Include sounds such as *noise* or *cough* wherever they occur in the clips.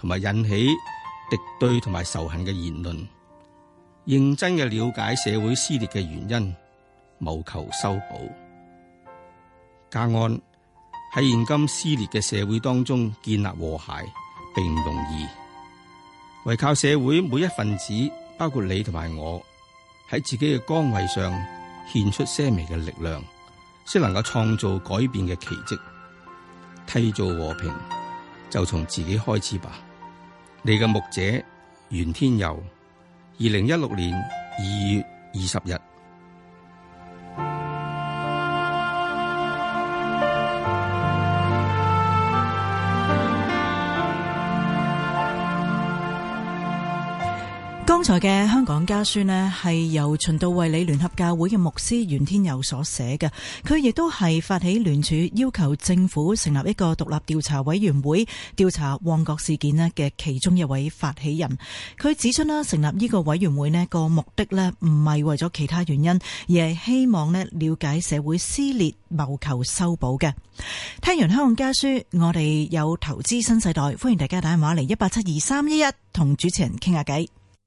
同埋引起敵對同埋仇恨嘅言論，認真嘅了解社會撕裂嘅原因，謀求修補。家安喺現今撕裂嘅社會當中建立和諧並唔容易，唯靠社會每一份子，包括你同埋我喺自己嘅崗位上獻出些微嘅力量，先能夠創造改變嘅奇跡，締造和平就從自己開始吧。你嘅牧者袁天佑，二零一六年二月二十日。剛才嘅香港家書呢，係由循道衛理聯合教會嘅牧師袁天佑所寫嘅。佢亦都係發起聯署，要求政府成立一個獨立調查委員會調查旺角事件呢嘅其中一位發起人。佢指出啦，成立呢個委員會呢個目的呢唔係為咗其他原因，而係希望呢，了解社會撕裂，謀求修補嘅。聽完香港家書，我哋有投資新世代，歡迎大家打電話嚟一八七二三一一同主持人傾下偈。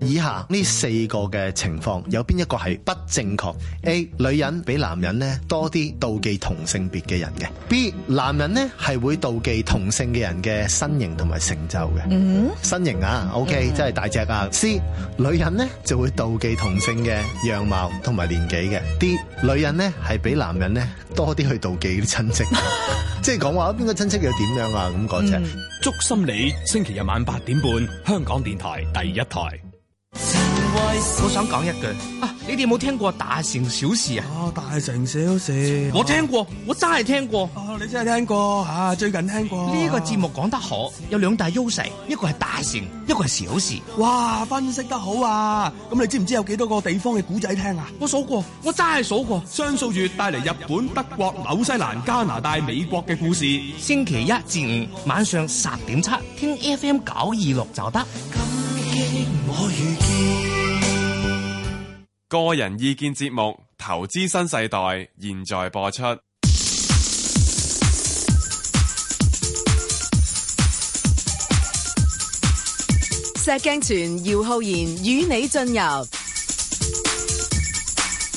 以下呢四個嘅情況有邊一個係不正確？A 女人比男人咧多啲妒忌同性別嘅人嘅。B 男人咧係會妒忌同性嘅人嘅身形同埋成就嘅。嗯、mm，hmm. 身形啊，OK，、mm hmm. 真係大隻啊。C 女人咧就會妒忌同性嘅樣貌同埋年紀嘅。D 女人咧係比男人咧多啲去妒忌啲親戚，即係講話邊個親戚又點樣啊？咁講啫。祝心理星期日晚八點半香港電台第一台。我想講一句啊！你哋有冇聽過大城小事啊？啊！大城小事，我聽過，我真係聽過啊！你真係聽過啊？最近聽過呢個節目講得好，有兩大優勢，一個係大城，一個係小事。哇！分析得好啊！咁你知唔知有幾多個地方嘅古仔聽啊？我數過，我真係數過，雙數月帶嚟日本、德國、紐西蘭、加拿大、美國嘅故事。星期一至五晚上十點七，聽 FM 九二六就得。我遇見個人意見節目《投資新世代》現在播出。石鏡泉、姚浩然與你進入《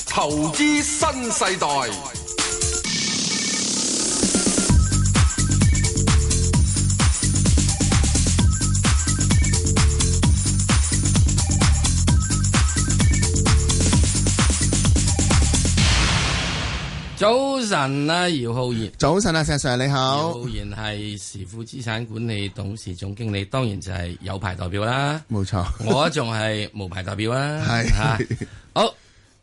投資新世代》。早晨啊，姚浩然。早晨啊，石 Sir 你好。姚浩然係時富資產管理董事總經理，當然就係有牌代表啦。冇錯沒錯， *laughs* 我仲係無牌代表啦。係吓 *laughs* 是， *laughs* 好，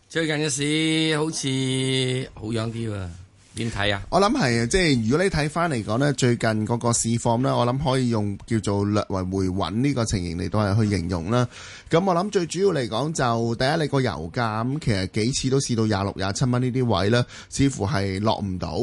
最近嘅市好似好樣啲喎。點睇啊？我諗係啊，即係如果你睇翻嚟講呢，最近嗰個市況呢，我諗可以用叫做略為回穩呢個情形嚟到係去形容啦。咁我諗最主要嚟講就第一，你個油價咁其實幾次都試到廿六、廿七蚊呢啲位呢，似乎係落唔到。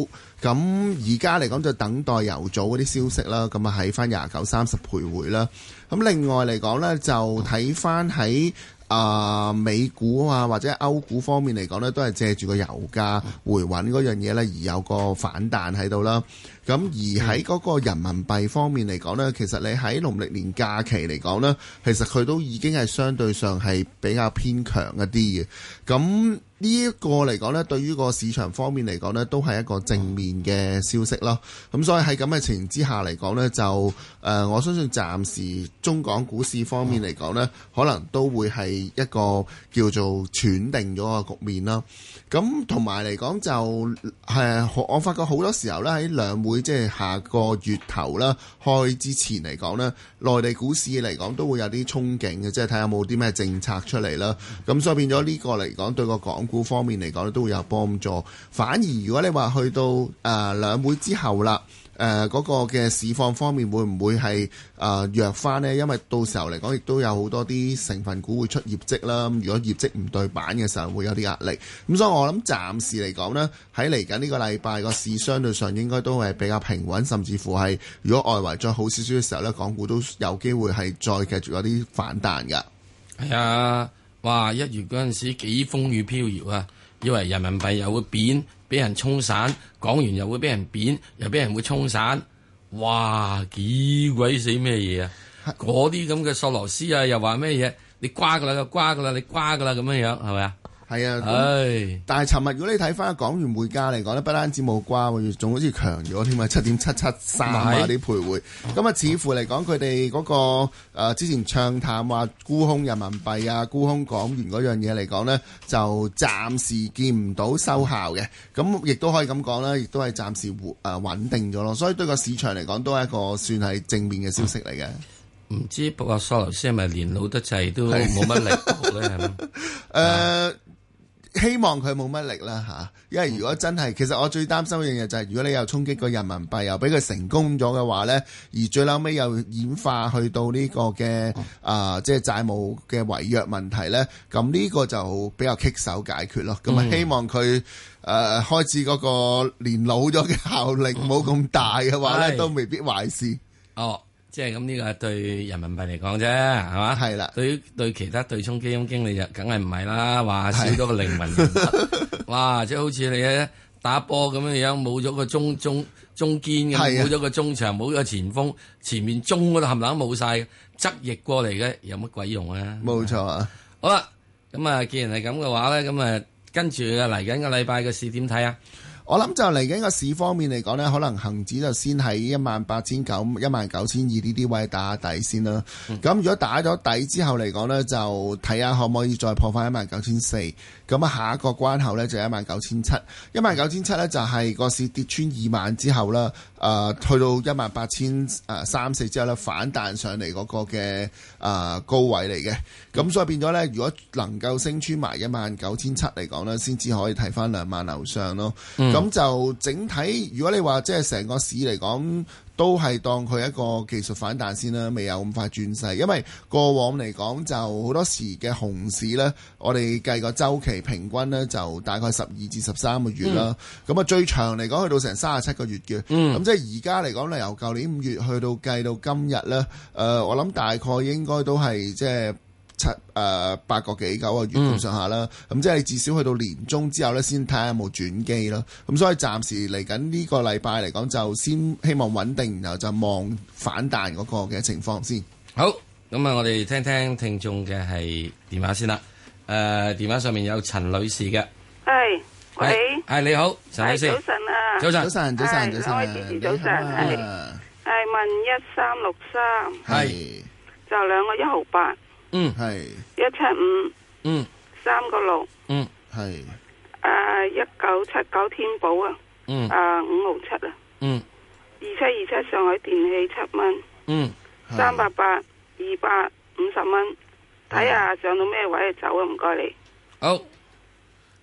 咁而家嚟講就等待油組嗰啲消息啦。咁啊喺翻廿九、三十徘徊啦。咁另外嚟講呢，就睇翻喺。啊、呃，美股啊或者歐股方面嚟講呢，都係借住個油價回穩嗰樣嘢呢，而有個反彈喺度啦。咁而喺嗰個人民幣方面嚟講呢，其實你喺農曆年假期嚟講呢，其實佢都已經係相對上係比較偏強一啲嘅。咁呢一個嚟講呢，對於個市場方面嚟講呢都係一個正面嘅消息咯。咁、嗯、所以喺咁嘅情形之下嚟講呢就誒，我相信暫時中港股市方面嚟講呢，可能都會係一個叫做喘定咗個局面啦。咁同埋嚟講就係我發覺好多時候咧，喺兩會即係下個月頭啦開之前嚟講咧，內地股市嚟講都會有啲憧憬嘅，即係睇下冇啲咩政策出嚟啦。咁、嗯、所以變咗呢個嚟講對個港股方面嚟講都會有幫助。反而如果你話去到誒、呃、兩會之後啦。誒嗰、呃那個嘅市況方面會唔會係誒、呃、弱翻呢？因為到時候嚟講，亦都有好多啲成分股會出業績啦。如果業績唔對板嘅時候，會有啲壓力。咁、嗯、所以我諗暫時嚟講呢喺嚟緊呢個禮拜個市相對上應該都係比較平穩，甚至乎係如果外圍再好少少嘅時候呢港股都有機會係再繼續有啲反彈噶。係啊！哇！一月嗰陣時幾風雨飄搖啊！以為人民幣又會貶。俾人沖散，講完又會俾人扁，又俾人會沖散，哇！幾鬼死咩嘢啊？嗰啲咁嘅索羅斯啊，又話咩嘢？你瓜㗎喇，瓜㗎喇，你瓜㗎喇，咁樣樣，係咪啊？係啊，但係尋日如果你睇翻港元匯價嚟講呢，不單止冇瓜，仲好似強咗添啊，七點七七三啊啲徘徊。咁啊是，似乎嚟講佢哋嗰個、呃、之前唱淡話沽空人民幣啊、沽空港元嗰樣嘢嚟講呢就暫時見唔到收效嘅。咁亦都可以咁講啦，亦都係暫時活誒穩定咗咯。所以對個市場嚟講，都係一個算係正面嘅消息嚟嘅。唔知不過索羅斯先係咪年老得滯，都冇乜力搏咧？誒 *laughs* 嗎。呃希望佢冇乜力啦吓，因為如果真係，其實我最擔心一樣嘢就係，如果你又衝擊個人民幣，又俾佢成功咗嘅話咧，而最後尾又演化去到呢、這個嘅啊、呃，即係債務嘅違約問題咧，咁呢個就比較棘手解決咯。咁啊、嗯，希望佢誒、呃、開始嗰個年老咗嘅效力冇咁大嘅話咧，都未必壞事、嗯、哦。即係咁呢個對人民幣嚟講啫，係嘛？係啦的，對於對其他對沖基金經理就梗係唔係啦，話少咗個靈魂，哇！是的 哇即係好似你喺打波咁樣樣，冇咗個中中中堅嘅，冇咗是的 個中場，冇咗個前鋒，前面中嗰度冚唪冷冇晒，側翼過嚟嘅有乜鬼用錯啊？冇錯啊！好啦，咁啊，既然係咁嘅話咧，咁啊，跟住嚟緊個禮拜嘅試點睇啊！我諗就嚟緊個市方面嚟講呢，可能恒指就先喺一萬八千九、一萬九千二呢啲位打底先啦。咁、嗯、如果打咗底之後嚟講呢，就睇下可唔可以再破翻一萬九千四。咁下一個關口呢，19，就一萬九千七，一萬九千七呢，就係個市跌穿二萬之後啦。誒去、呃、到一萬八千誒三四之後咧，反彈上嚟嗰個嘅誒、呃、高位嚟嘅，咁、嗯、所以變咗咧，如果能夠升穿埋一萬九千七嚟講咧，先至可以睇翻兩萬樓上咯。咁、嗯、就整體，如果你話即係成個市嚟講。都係當佢一個技術反彈先啦，未有咁快轉勢。因為過往嚟講就好多時嘅熊市呢，我哋計個週期平均呢，就大概十二至十三個月啦。咁啊、嗯，最長嚟講去到成三十七個月嘅。咁、嗯、即係而家嚟講呢，由舊年五月去到計到今日呢，誒，我諗大概應該都係即係。七誒八個幾九個月咁上下啦，咁即係你至少去到年中之後咧，先睇下有冇轉機咯。咁所以暫時嚟緊呢個禮拜嚟講，就先希望穩定，然後就望反彈嗰個嘅情況先。好，咁啊，我哋聽聽聽眾嘅係電話先啦。誒，電話上面有陳女士嘅。係，喂，係你好，陳女士。早晨啊，早晨，早晨，早晨，早晨，早晨，早晨，係，係問一三六三，係，就兩個一毫八。嗯係一七五嗯三個六嗯係啊一九七九天寶啊嗯啊五毫七啊嗯二七二七上海電器七蚊嗯三八八二百五十蚊睇下上到咩位就走啊唔該你好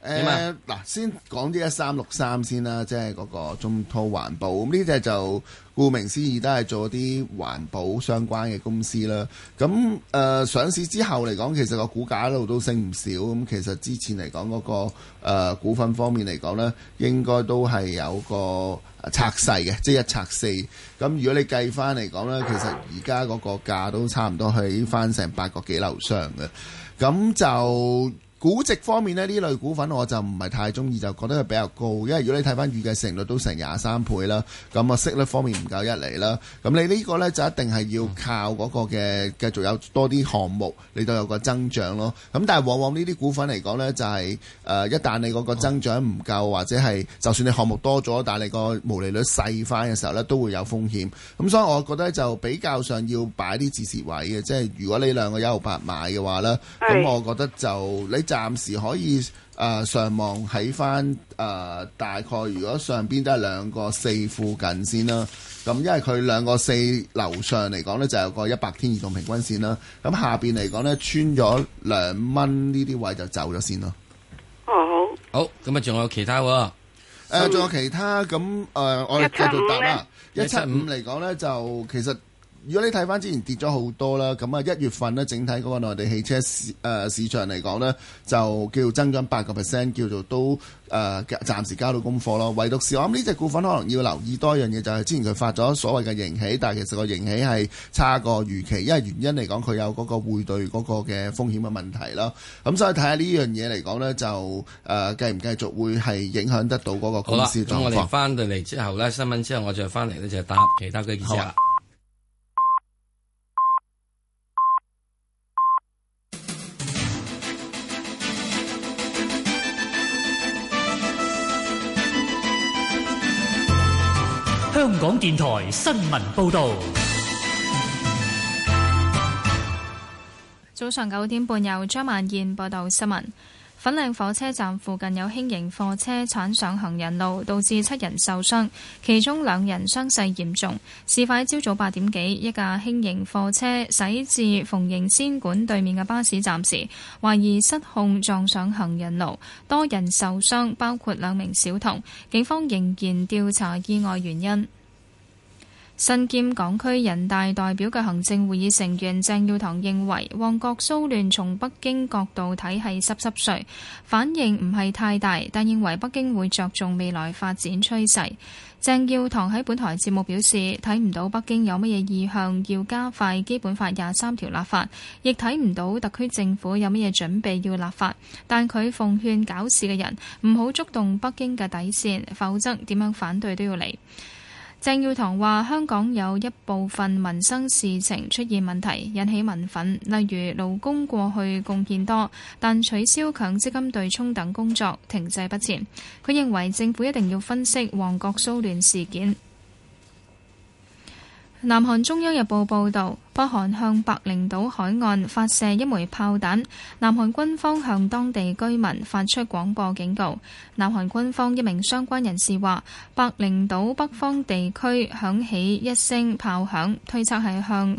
誒嗱、呃、先講啲一三六三先啦即係嗰個中滔環保咁呢隻就。顧名思義都係做啲環保相關嘅公司啦。咁誒、呃、上市之後嚟講，其實個股價一路都升唔少。咁其實之前嚟講，嗰、那個、呃、股份方面嚟講呢，應該都係有個拆細嘅，即係一拆四。咁如果你計翻嚟講呢，其實而家嗰個價都差唔多去翻成八個幾樓上嘅。咁就。估值方面呢，呢類股份我就唔係太中意，就覺得佢比較高，因為如果你睇翻預計成率都成廿三倍啦，咁、嗯、啊息率方面唔夠一厘啦，咁、嗯、你呢個呢，就一定係要靠嗰個嘅繼續有多啲項目，你都有個增長咯。咁、嗯、但係往往呢啲股份嚟講呢，就係、是、誒、呃、一旦你嗰個增長唔夠，或者係就算你項目多咗，但你個毛利率細翻嘅時候呢，都會有風險。咁、嗯、所以我覺得就比較上要擺啲止蝕位嘅，即係如果你兩個一號八買嘅話呢，咁我覺得就你就。暫時可以誒、呃、上望喺翻誒大概，如果上邊都係兩個四附近先啦、啊。咁因為佢兩個四樓上嚟講呢，就有一個一百天移動平均線啦、啊。咁、嗯、下邊嚟講呢，穿咗兩蚊呢啲位就走咗先咯、啊。哦，好，好。好，咁啊，仲有其他喎、啊？仲、呃、有其他？咁誒、呃，我哋繼續答啦。一七五嚟講呢，就其實。如果你睇翻之前跌咗好多啦，咁啊一月份呢，整體嗰個內地汽車市誒、呃、市場嚟講呢，就叫增長八個 percent，叫做都誒呃、暫時交到功課咯。唯獨是我諗呢隻股份可能要留意多一樣嘢，就係、是、之前佢發咗所謂嘅盈喜，但係其實個盈喜係差過預期，因為原因嚟講佢有嗰個匯兌嗰個嘅風險嘅問題啦。咁所以睇下呢樣嘢嚟講呢，就誒繼唔繼續會係影響得到嗰個公司嘅狀況。咁我哋翻到嚟之後呢，新聞之後我再翻嚟呢，就答其他嘅記者。香港電台新聞報導，早上九點半由張萬燕報道新聞。粉嶺火車站附近有輕型貨車鏟上行人路，導致七人受傷，其中兩人傷勢嚴重。事發朝早八點幾，一架輕型貨車駛至蓬瀛仙館對面嘅巴士站時，懷疑失控撞上行人路，多人受傷，包括兩名小童。警方仍然調查意外原因。身兼港區人大代表嘅行政會議成員鄭耀棠認為，旺角騷亂從北京角度睇係濕濕碎，反應唔係太大，但認為北京會着重未來發展趨勢。鄭耀棠喺本台節目表示，睇唔到北京有乜嘢意向要加快《基本法》廿三條立法，亦睇唔到特區政府有乜嘢準備要立法。但佢奉勸搞事嘅人唔好觸動北京嘅底線，否則點樣反對都要嚟。鄭耀棠話：香港有一部分民生事情出現問題，引起民憤，例如勞工過去貢獻多，但取消強積金對沖等工作停滯不前。佢認為政府一定要分析旺角騷亂事件。南韓中央日報報道。北韓向白翎島海岸發射一枚炮彈，南韓軍方向當地居民發出廣播警告。南韓軍方一名相關人士話：白翎島北方地區響起一聲炮響，推測係向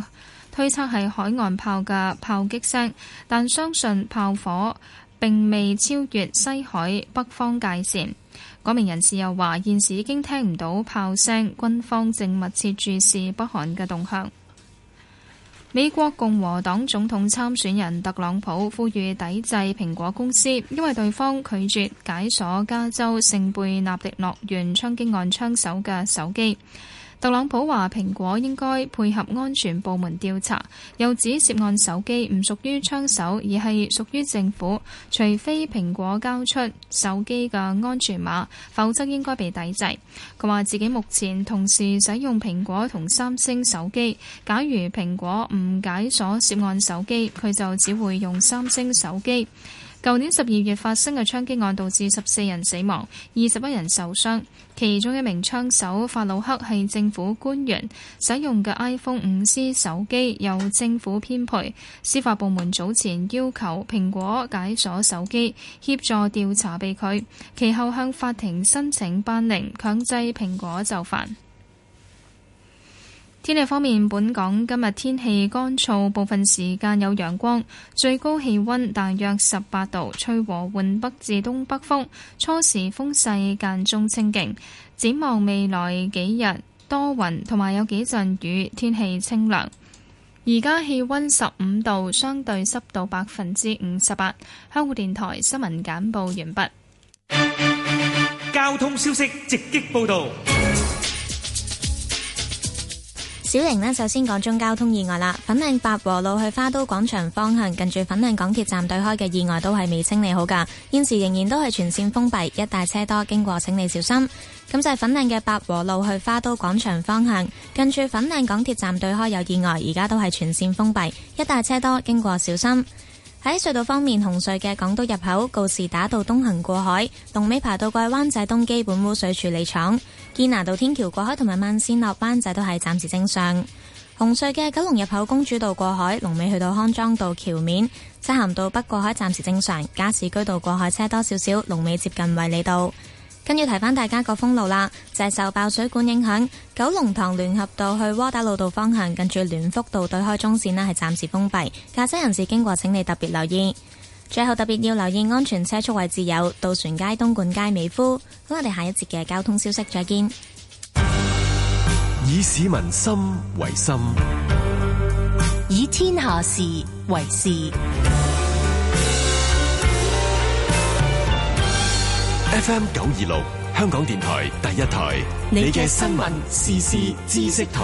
推測係海岸炮嘅炮擊聲，但相信炮火並未超越西海北方界線。嗰名人士又話：現時已經聽唔到炮聲，軍方正密切注視北韓嘅動向。美國共和黨總統參選人特朗普呼籲抵制蘋果公司，因為對方拒絕解鎖加州聖貝納迪諾縣槍擊案槍手嘅手機。特朗普話：蘋果應該配合安全部門調查，又指涉案手機唔屬於槍手，而係屬於政府。除非蘋果交出手機嘅安全碼，否則應該被抵制。佢話自己目前同時使用蘋果同三星手機，假如蘋果唔解鎖涉案手機，佢就只會用三星手機。舊年十二月發生嘅槍擊案，導致十四人死亡，二十一人受傷。其中一名槍手法魯克係政府官員，使用嘅 iPhone 五 C 手機由政府編配。司法部門早前要求蘋果解鎖手機協助調查，被拒。其後向法庭申請頒令，強制蘋果就範。天氣方面，本港今日天氣乾燥，部分時間有陽光，最高氣溫大約十八度，吹和緩北至東北風，初時風勢間中清勁。展望未來幾日多雲同埋有幾陣雨，天氣清涼。而家氣溫十五度，相對濕度百分之五十八。香港電台新聞簡報完畢。交通消息直擊報道。小玲呢，首先講中交通意外啦。粉嶺百和路去花都廣場方向，近住粉嶺港鐵站對開嘅意外都係未清理好噶，現時仍然都係全綫封閉，一帶車多，經過請你小心。咁就係粉嶺嘅百和路去花都廣場方向，近住粉嶺港鐵站對開有意外，而家都係全綫封閉，一帶車多，經過小心。喺隧道方面，紅隧嘅港島入口告士打道東行過海，龍尾爬到桂灣仔東基本污水處理廠；堅拿道天橋過海同埋慢線落灣仔都係暫時正常。紅隧嘅九龍入口公主道過海，龍尾去到康莊道橋面；漆咸道北過海暫時正常，加士居道過海車多少少，龍尾接近衛理道。跟住提翻大家個封路啦，就係、是、受爆水管影響，九龍塘聯合道去窩打老道方向，近住聯福道對開中線啦，係暫時封閉，駕駛人士經過，請你特別留意。最後特別要留意安全車速位置有渡船街、東莞街、美孚。好，我哋下一節嘅交通消息再見。以市民心為心，以天下事為事。FM 九二六，香港電台第一台，你嘅新聞時事知識台。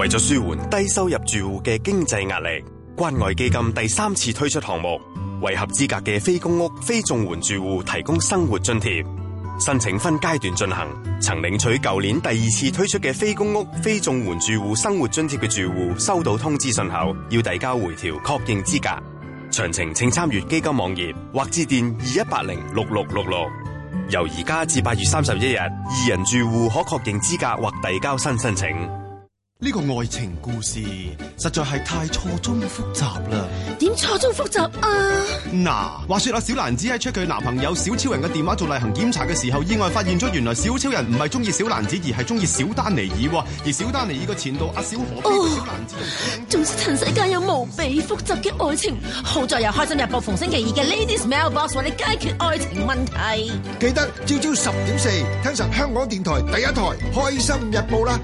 為咗舒緩低收入住戶嘅經濟壓力，關愛基金第三次推出項目，為合資格嘅非公屋、非綜援住戶提供生活津貼。申請分階段進行，曾領取舊年第二次推出嘅非公屋非綜援住戶生活津貼嘅住戶，收到通知信後，要遞交回條確認資格。詳情請參閱基金網頁或致電二一八零六六六六。由而家至八月三十一日，二人住戶可確認資格或遞交新申請。呢個愛情故事實在係太錯綜複雜啦！點錯綜複雜啊？嗱、啊，話說阿小蘭子喺 check 佢男朋友小超人嘅電話做例行檢查嘅時候，意外發現咗原來小超人唔係中意小蘭子，而係中意小丹尼爾。而小丹尼爾嘅前度阿、啊、小何小蘭子，哦嗯、總之塵世界有無比複雜嘅愛情。好在有開心日報逢星期二嘅 Ladies Mailbox 為你解決愛情問題。記得朝朝十點四聽實香港電台第一台開心日報啦！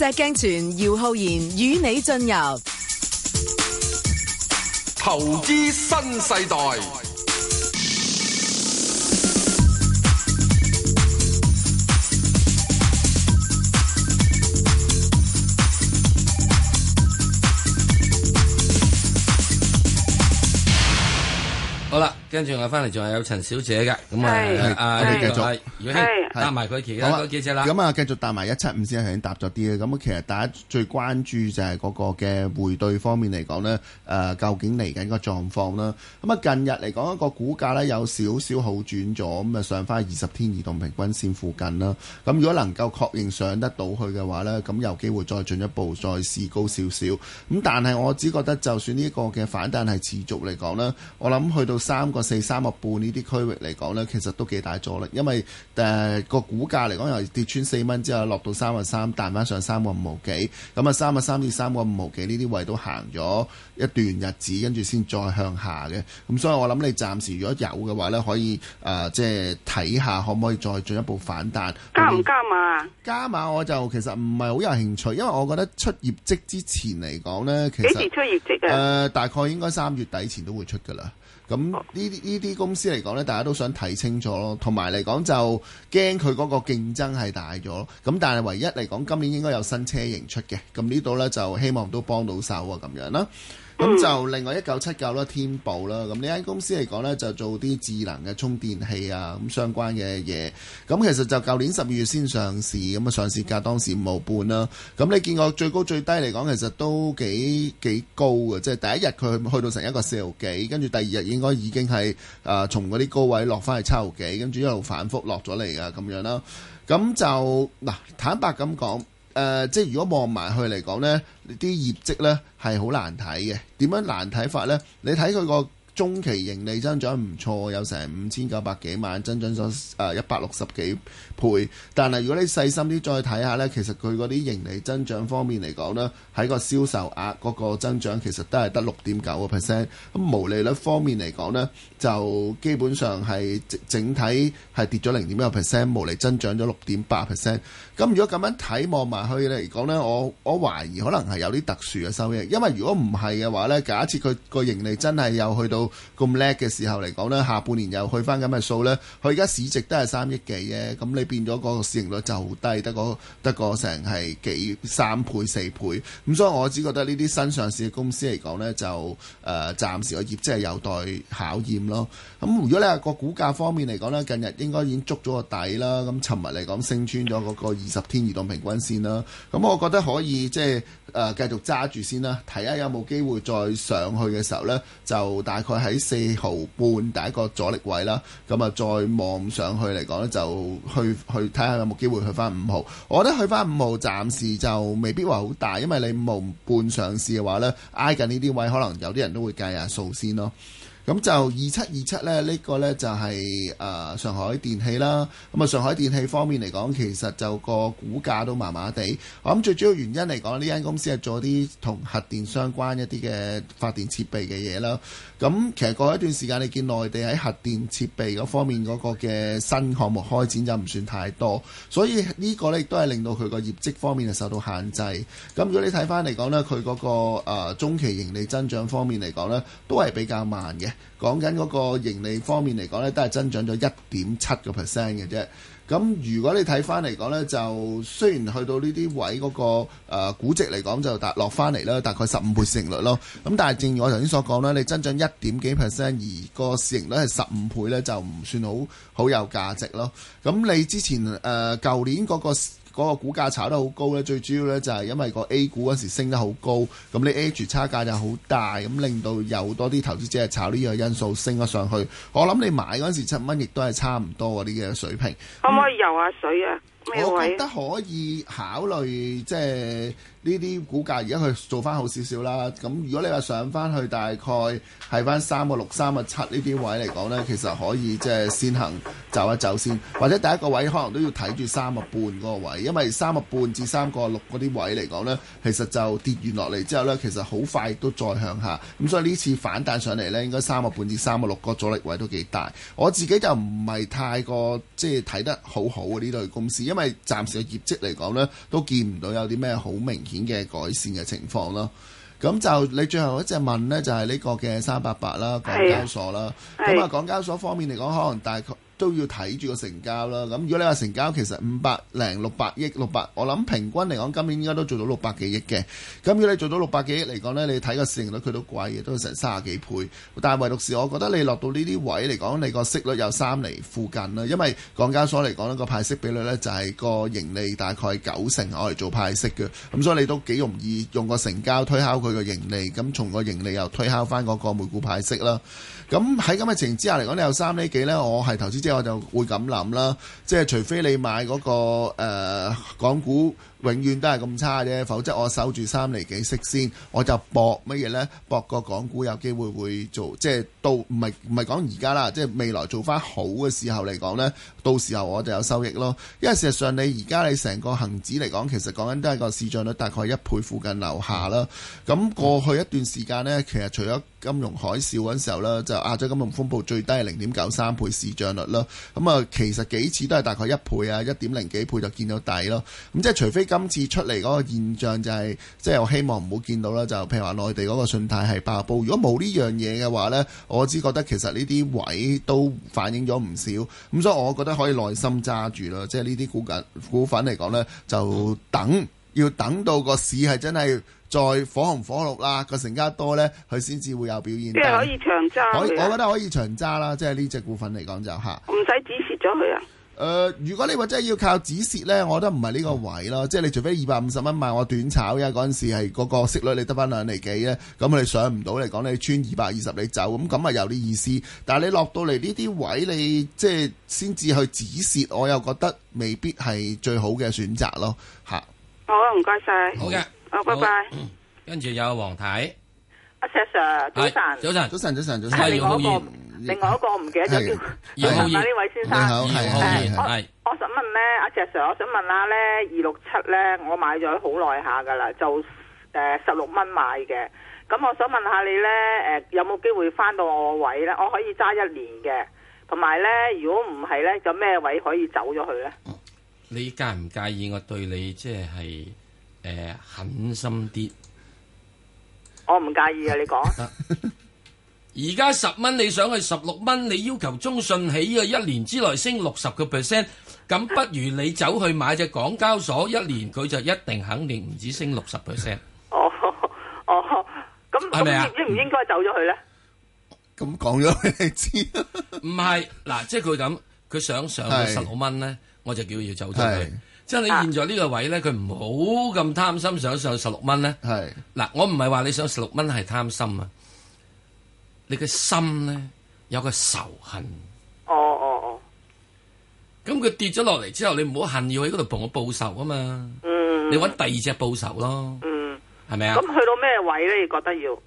石鏡泉，姚浩然與你進入投資新世代。跟住我翻嚟仲係有陳小姐嘅，咁啊，啊繼續，係搭埋佢其他嗰幾隻啦。咁啊，繼續搭埋一七五先係已經搭咗啲啦。咁啊，其實大家最關注就係嗰個嘅匯兌方面嚟講咧，誒，究竟嚟緊個狀況啦。咁啊，近日嚟講一個股價咧有少少好轉咗，咁啊上翻二十天移動平均線附近啦。咁如果能夠確認上得到去嘅話咧，咁有機會再進一步再試高少少。咁但係我只覺得就算呢一個嘅反彈係持續嚟講咧，我諗去到三個。四三個半呢啲區域嚟講呢，其實都幾大阻力，因為誒、呃、個股價嚟講，又跌穿四蚊之後，落到三個三彈返上三個五毫幾，咁啊，三個三至三個五毫幾呢啲位都行咗一段日子，跟住先再向下嘅。咁、嗯、所以我諗你暫時如果有嘅話呢，可以誒、呃、即係睇下可唔可以再進一步反彈加唔加碼？加碼我就其實唔係好有興趣，因為我覺得出業績之前嚟講呢，其實幾時出業績啊、呃？大概應該三月底前都會出噶啦。咁呢啲呢啲公司嚟講呢，大家都想睇清楚咯，同埋嚟講就驚佢嗰個競爭係大咗，咁但係唯一嚟講今年應該有新車型出嘅，咁呢度呢，就希望都幫到手啊，咁樣啦。咁、嗯、就另外一九七九啦，天寶啦，咁呢間公司嚟講呢，就做啲智能嘅充電器啊，咁相關嘅嘢。咁其實就舊年十二月先上市，咁啊上市價當時五毫半啦。咁你見過最高最低嚟講，其實都幾幾高嘅，即係第一日佢去，去到成一個四毫幾，跟住第二日應該已經係啊、呃、從嗰啲高位落翻去七毫幾，跟住一路反覆落咗嚟啊咁樣啦。咁就嗱、呃、坦白咁講。誒、呃，即係如果望埋去嚟講呢，啲業績呢係好難睇嘅。點樣難睇法呢？你睇佢個中期盈利增長唔錯，有成五千九百幾萬，增長咗誒一百六十幾倍。但係如果你細心啲再睇下咧，其實佢嗰啲盈利增長方面嚟講咧，喺個銷售額嗰個增長其實都係得六點九個 percent。咁毛利率方面嚟講咧，就基本上係整體係跌咗零點一個 percent，毛利增長咗六點八 percent。咁如果咁樣睇望埋去嚟講咧，我我懷疑可能係有啲特殊嘅收益。因為如果唔係嘅話咧，假設佢個盈利真係有去到。咁叻嘅時候嚟講呢，下半年又去翻咁嘅數呢。佢而家市值都係三億幾啫，咁你變咗個市盈率就好低，得個得個成係幾三倍四倍，咁所以我只覺得呢啲新上市嘅公司嚟講呢，就誒暫時個業績係有待考驗咯。咁如果你話個股價方面嚟講呢，近日應該已經捉咗個底啦，咁尋日嚟講升穿咗嗰個二十天移動平均線啦，咁我覺得可以即係誒繼續揸住先啦，睇下有冇機會再上去嘅時候呢，就大概，喺四毫半第一個阻力位啦，咁啊再望上去嚟講呢，就去去睇下有冇機會去翻五毫。我覺得去翻五毫，暫時就未必話好大，因為你五毫半上市嘅話呢，挨近呢啲位，可能有啲人都會計下數先咯。咁就二七二七咧，呢個呢，這個、就係、是、誒、呃、上海電氣啦。咁、嗯、啊，上海電氣方面嚟講，其實就個股價都麻麻地。我、嗯、諗最主要原因嚟講，呢、這、間、個、公司係做啲同核電相關一啲嘅發電設備嘅嘢啦。咁、嗯、其實過一段時間，你見內地喺核電設備嗰方面嗰個嘅新項目開展就唔算太多，所以呢個呢，亦都係令到佢個業績方面係受到限制。咁、嗯、如果你睇返嚟講呢，佢嗰個、呃、中期盈利增長方面嚟講呢都係比較慢嘅。講緊嗰個盈利方面嚟講咧，都係增長咗一點七個 percent 嘅啫。咁如果你睇翻嚟講咧，就雖然去到呢啲位嗰、個、呃、估值嚟講就大落翻嚟啦，大概十五倍市盈率咯。咁但係正如我頭先所講啦，你增長一點幾 percent，而個市盈率係十五倍咧，就唔算好好有價值咯。咁你之前誒舊、呃、年嗰、個嗰個股價炒得好高呢，最主要呢就係因為個 A 股嗰時升得好高，咁你 H 差價就好大，咁令到有多啲投資者係炒呢個因素升咗上去。我諗你買嗰陣時七蚊，亦都係差唔多嗰啲嘅水平。嗯、可唔可以游下、啊、水啊？我覺得可以考慮，即係。呢啲股價而家佢做翻好少少啦，咁如果你話上翻去大概係翻三個六、三個七呢啲位嚟講呢，其實可以即係先行走一走先，或者第一個位可能都要睇住三個半嗰個位，因為三個半至三個六嗰啲位嚟講呢，其實就跌完落嚟之後呢，其實好快都再向下，咁所以呢次反彈上嚟呢，應該三個半至三個六個阻力位都幾大。我自己就唔係太過即係睇得好好呢類公司，因為暫時嘅業績嚟講呢，都見唔到有啲咩好明顯嘅改善嘅情況咯，咁就你最後一隻問咧，就係、是、呢個嘅三八八啦，港交所啦，咁啊港交所方面嚟講，可能大概。都要睇住個成交啦。咁如果你話成交其實五百零六百億六百，600，我諗平均嚟講今年應該都做到六百幾億嘅。咁如果你做到六百幾億嚟講呢，你睇個市盈率佢都貴嘅，都成三十幾倍。但係唯獨是，我覺得你落到呢啲位嚟講，你個息率有三厘附近啦。因為港交所嚟講，呢個派息比率呢，就係個盈利大概九成可以做派息嘅。咁所以你都幾容易用個成交推敲佢個盈利，咁從個盈利又推敲翻嗰個每股派息啦。咁喺咁嘅情形之下嚟講，你有三釐幾咧，我係投資者，我就會咁諗啦。即係除非你買嗰個誒港股。永遠都係咁差啫，否則我守住三厘幾息先，我就博乜嘢呢？博個港股有機會會做，即係到唔係唔係講而家啦，即係未來做翻好嘅時候嚟講呢。到時候我就有收益咯。因為事實上你而家你成個恒指嚟講，其實講緊都係個市賬率大概一倍附近樓下啦。咁過去一段時間呢，其實除咗金融海嘯嗰陣時候呢，就亞洲金融風暴最低係零點九三倍市賬率啦。咁啊，其實幾次都係大概一倍啊，一點零幾倍就見到底咯。咁即係除非，今次出嚟嗰個現象就係，即係我希望唔好見到啦。就譬如話內地嗰個信貸係爆煲，如果冇呢樣嘢嘅話呢，我只覺得其實呢啲位都反映咗唔少。咁所以，我覺得可以耐心揸住咯。即係呢啲股份股份嚟講呢，就等要等到個市係真係再火紅火綠啦，個成交多呢，佢先至會有表現。即係可以長揸，可以。佢？我覺得可以長揸啦，即係呢隻股份嚟講就吓，唔使止蝕咗佢啊！誒、呃，如果你話真係要靠止蝕咧，我覺得唔係呢個位咯。即係你除非二百五十蚊買，我短炒呀嗰陣時係嗰個息率你得翻兩厘幾咧，咁你上唔到嚟講你穿二百二十你走，咁咁啊有啲意思。但係你落到嚟呢啲位，你即係先至去止蝕，我又覺得未必係最好嘅選擇咯。吓，好啊，唔該晒，好嘅，好，拜拜。跟住有黃太，阿 s、啊、Sir Sir，早晨，早晨，早晨，早晨，早晨，係你好。另外一個我唔記得咗叫，想問下呢位先生，我我想問咧，阿石 Sir，我想問下咧，二六七咧，我買咗好耐下噶啦，就誒十六蚊買嘅，咁我想問下你咧，誒、呃、有冇機會返到我位咧？我可以揸一年嘅，同埋咧，如果唔係咧，有咩位可以走咗去咧？你介唔介意我對你即係誒、呃、狠心啲？我唔介意啊，你講。而家十蚊你想去十六蚊，你要求中信喺呢一年之內升六十個 percent，咁不如你走去買隻港交所，一年佢就一定肯定唔止升六十 percent。哦，哦、oh, oh.，咁、嗯、嗎應唔應唔應該走咗去咧？咁講咗畀你知，唔係嗱，即係佢咁，佢想上去十六蚊咧，是我就叫佢要走咗去。是即係你現在呢個位咧，佢唔好咁貪心想上去十六蚊咧。係嗱是，我唔係話你想十六蚊係貪心啊。你嘅心咧有個仇恨，哦哦哦，咁佢跌咗落嚟之後，你唔好恨，要喺嗰度同我報仇啊嘛，嗯，你搵第二隻報仇咯，嗯，係咪啊？咁、嗯、去到咩位咧？你覺得要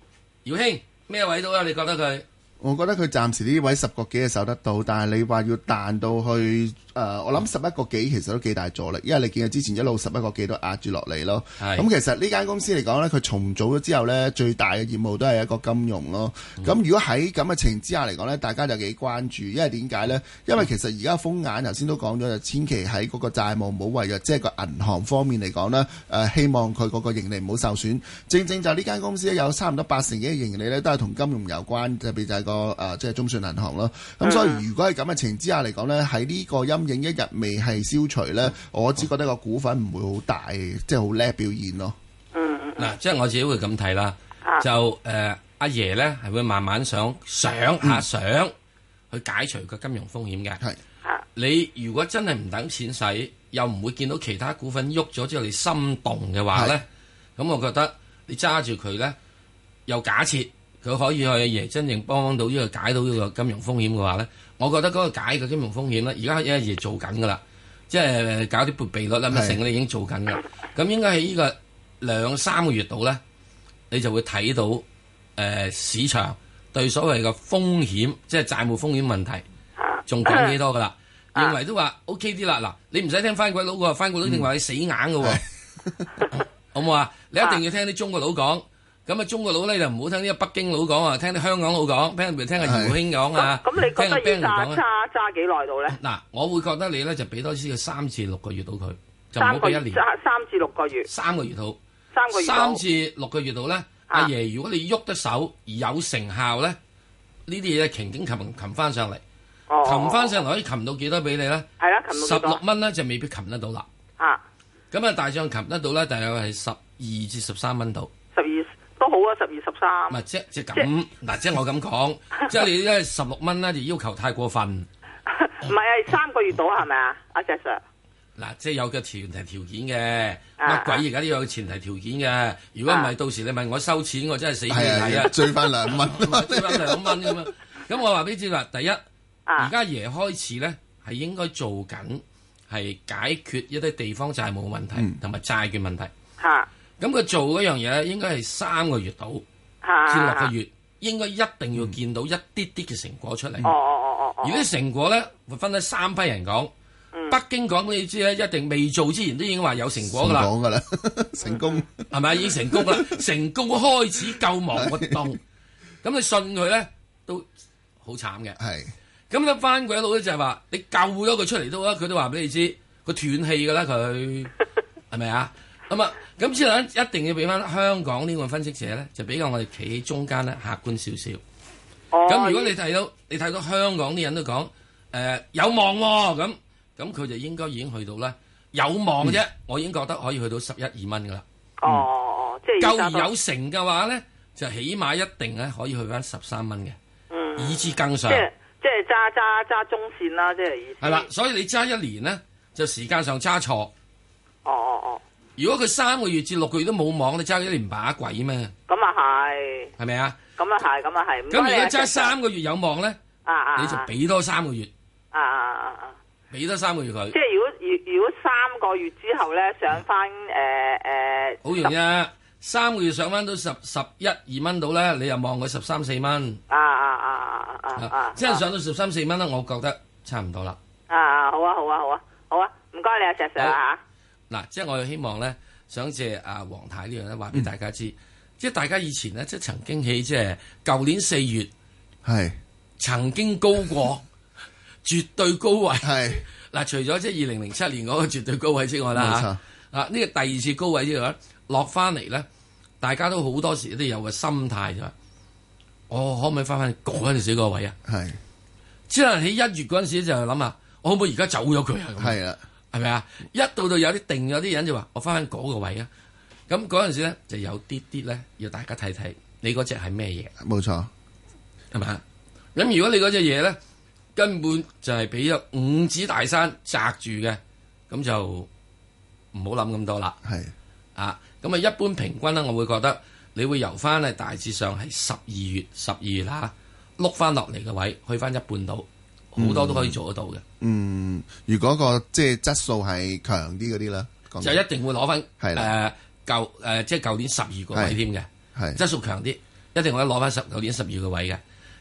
姚兄咩位都啊？你覺得佢？我覺得佢暫時呢位十個幾係受得到，但係你話要彈到去誒、呃，我諗十一個幾其實都幾大阻力，因為你見佢之前一路十一個幾都壓住落嚟咯。咁是其實呢間公司嚟講呢，佢重組咗之後呢，最大嘅業務都係一個金融咯。咁、嗯、如果喺咁嘅情形之下嚟講呢，大家就幾關注，因為點解呢？因為其實而家風眼頭先都講咗，就千祈喺嗰個債務冇違約，即、就、係、是、個銀行方面嚟講呢誒、呃、希望佢嗰個盈利唔好受損。正正就呢間公司有差唔多八成幾嘅盈利呢都係同金融有關，特別個誒、啊，即係中信銀行咯。咁、啊、所以，如果係咁嘅情形之下嚟講呢，喺呢個陰影一日未係消除呢，我只覺得個股份唔會好大，即係好叻表現咯、嗯。嗯嗯。嗱、啊，即係我自己會咁睇啦。就誒，阿、呃、爺呢，係會慢慢想想下想去解除個金融風險嘅。係、嗯。你如果真係唔等錢使，又唔會見到其他股份喐咗之後，你心動嘅話呢，咁是、啊、我覺得你揸住佢呢，又假設。佢可以去阿爺真正幫到呢個解到呢個金融風險嘅話咧，我覺得嗰個解嘅金融風險咧，而家已經做緊噶啦，即係搞啲撥備率啦、乜剩啦，已經做緊噶。咁應該喺呢個兩三個月度咧，你就會睇到誒、呃、市場對所謂嘅風險，即係債務風險問題，仲講幾多噶啦？認為都話 OK 啲啦，嗱，你唔使聽翻鬼佬喎，翻鬼佬一定話你死硬嘅喎，好唔好啊？你一定要聽啲中國佬講。咁啊！中國佬咧就唔好聽呢個北京佬講啊，聽啲香港佬講，譬如聽阿姚浩然講啊，聽阿姚浩然講咧。咁你覺揸揸揸幾耐到咧？嗱，我會覺得你咧就俾多啲佢三至六個月到佢，就唔好俾一年。揸三至六個月。三個月到。三個月三至六個月到咧，阿爺、啊，啊、如果你喐得手有成效咧，呢啲嘢鯨鯨擒擒翻上嚟，擒翻上嚟可以擒到幾多俾你咧？係啦，十六蚊咧，就未必擒得到啦。啊！咁啊，大象擒得到咧，大概係十二至十三蚊到。十二。都好啊，十二十三。唔係即即咁嗱，即我咁講，即你因為十六蚊咧就要求太過分。唔係啊，三個月到係咪啊？阿 Jack，嗱，即有個前提條件嘅，乜鬼而家都有前提條件嘅。如果唔係，到時你問我收錢，我真係死咗。係啊，追翻兩蚊，追翻兩蚊咁樣。咁我話俾你知啦，第一，而家爺開始咧係應該做緊係解決一啲地方債務問題同埋債券問題。嚇。咁佢做嗰樣嘢，應該係三個月到至六個月，應該一定要見到一啲啲嘅成果出嚟。哦哦哦哦！而啲成果咧，會分得三批人講。嗯、北京講俾你知咧，一定未做之前都已經話有成果㗎啦。成功係咪、嗯？已經成功啦！ *laughs* 成功開始救亡活動。咁的你信佢咧，都好慘嘅。係的。咁咧，翻鬼佬咧就係話，你救咗佢出嚟都啊，佢都話俾你知，佢斷氣㗎啦，佢係咪啊？ *laughs* 咁啊，咁之後咧，一定要俾翻香港呢個分析者咧，就比較我哋企喺中間咧，客觀少少。哦。咁如果你睇到你睇到香港啲人都講，誒有望喎，咁咁佢就應該已經去到咧有望嘅啫，我已經覺得可以去到十一二蚊噶啦。哦哦哦，即係夠而有成嘅話咧，就起碼一定咧可以去翻十三蚊嘅，以至更上。即係即係揸揸揸中線啦，即係。係啦，所以你揸一年咧，就時間上揸錯。哦哦哦。如果佢三個月至六個月都冇望，你揸一年把鬼咩？咁啊係，係咪啊？咁啊係，咁啊係。咁如果揸三個月有望咧？啊啊！你就俾多三個月。啊啊啊啊！俾、啊、多三個月佢。即係如果如如果三個月之後咧上翻誒誒，好容易啊！三個月上翻到十十一二蚊到咧，你又望佢十三四蚊。啊啊啊啊啊啊！即、啊、係、啊啊、上到十三四蚊啦，我覺得差唔多啦、啊。啊好啊好啊好啊好啊！唔該、啊啊啊啊、你石 Sir，啊石石啊嚇。嗱，即係我有希望咧，想借阿、啊、黃太呢樣咧，話俾大家知。嗯、即係大家以前咧，即係曾經喺即係舊年四月係是曾經高過 *laughs* 絕對高位。係嗱是，除咗即係二零零七年嗰個絕對高位之外啦嚇，錯啊呢個第二次高位之外，咧，落翻嚟咧，大家都好多時都有個心態、哦、個是就話：我可唔可以翻翻去嗰陣時個位啊？係這的，即係喺一月嗰陣時就諗啊，我可唔可以而家走咗佢啊？係啊。係咪啊？一到到有啲定咗，啲人就話我翻翻嗰個位啊。咁嗰陣時咧，就有啲啲咧，要大家睇睇你嗰隻係咩嘢。冇錯錯，係咪啊？咁如果你嗰隻嘢咧，根本就係俾咗五指大山砸住嘅，咁就唔好諗咁多啦。係的啊，咁啊，一般平均咧，我會覺得你會游翻係大致上係十二月十二月啦、啊，碌翻落嚟嘅位去翻一半度。好多都可以做得到嘅。嗯，如果、個即係質素係強啲嗰啲啦，就一定會攞翻係啦。誒係、呃，舊、呃、即係舊年十二個位添嘅，質素強啲，一定可以攞翻十九年十二個位嘅。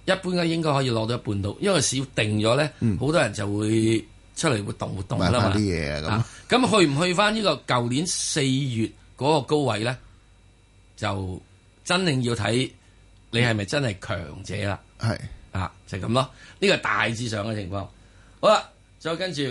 一般咧，應該可以攞到一半到，因為市定咗咧，好、嗯、多人就會出嚟活動活動啲嘢咁。咁去唔去翻呢、呢個舊年四月嗰個高位咧？就真定要睇你係咪真係強者啦。係。就咁咯，呢個大致上嘅情況。好啦，再跟住，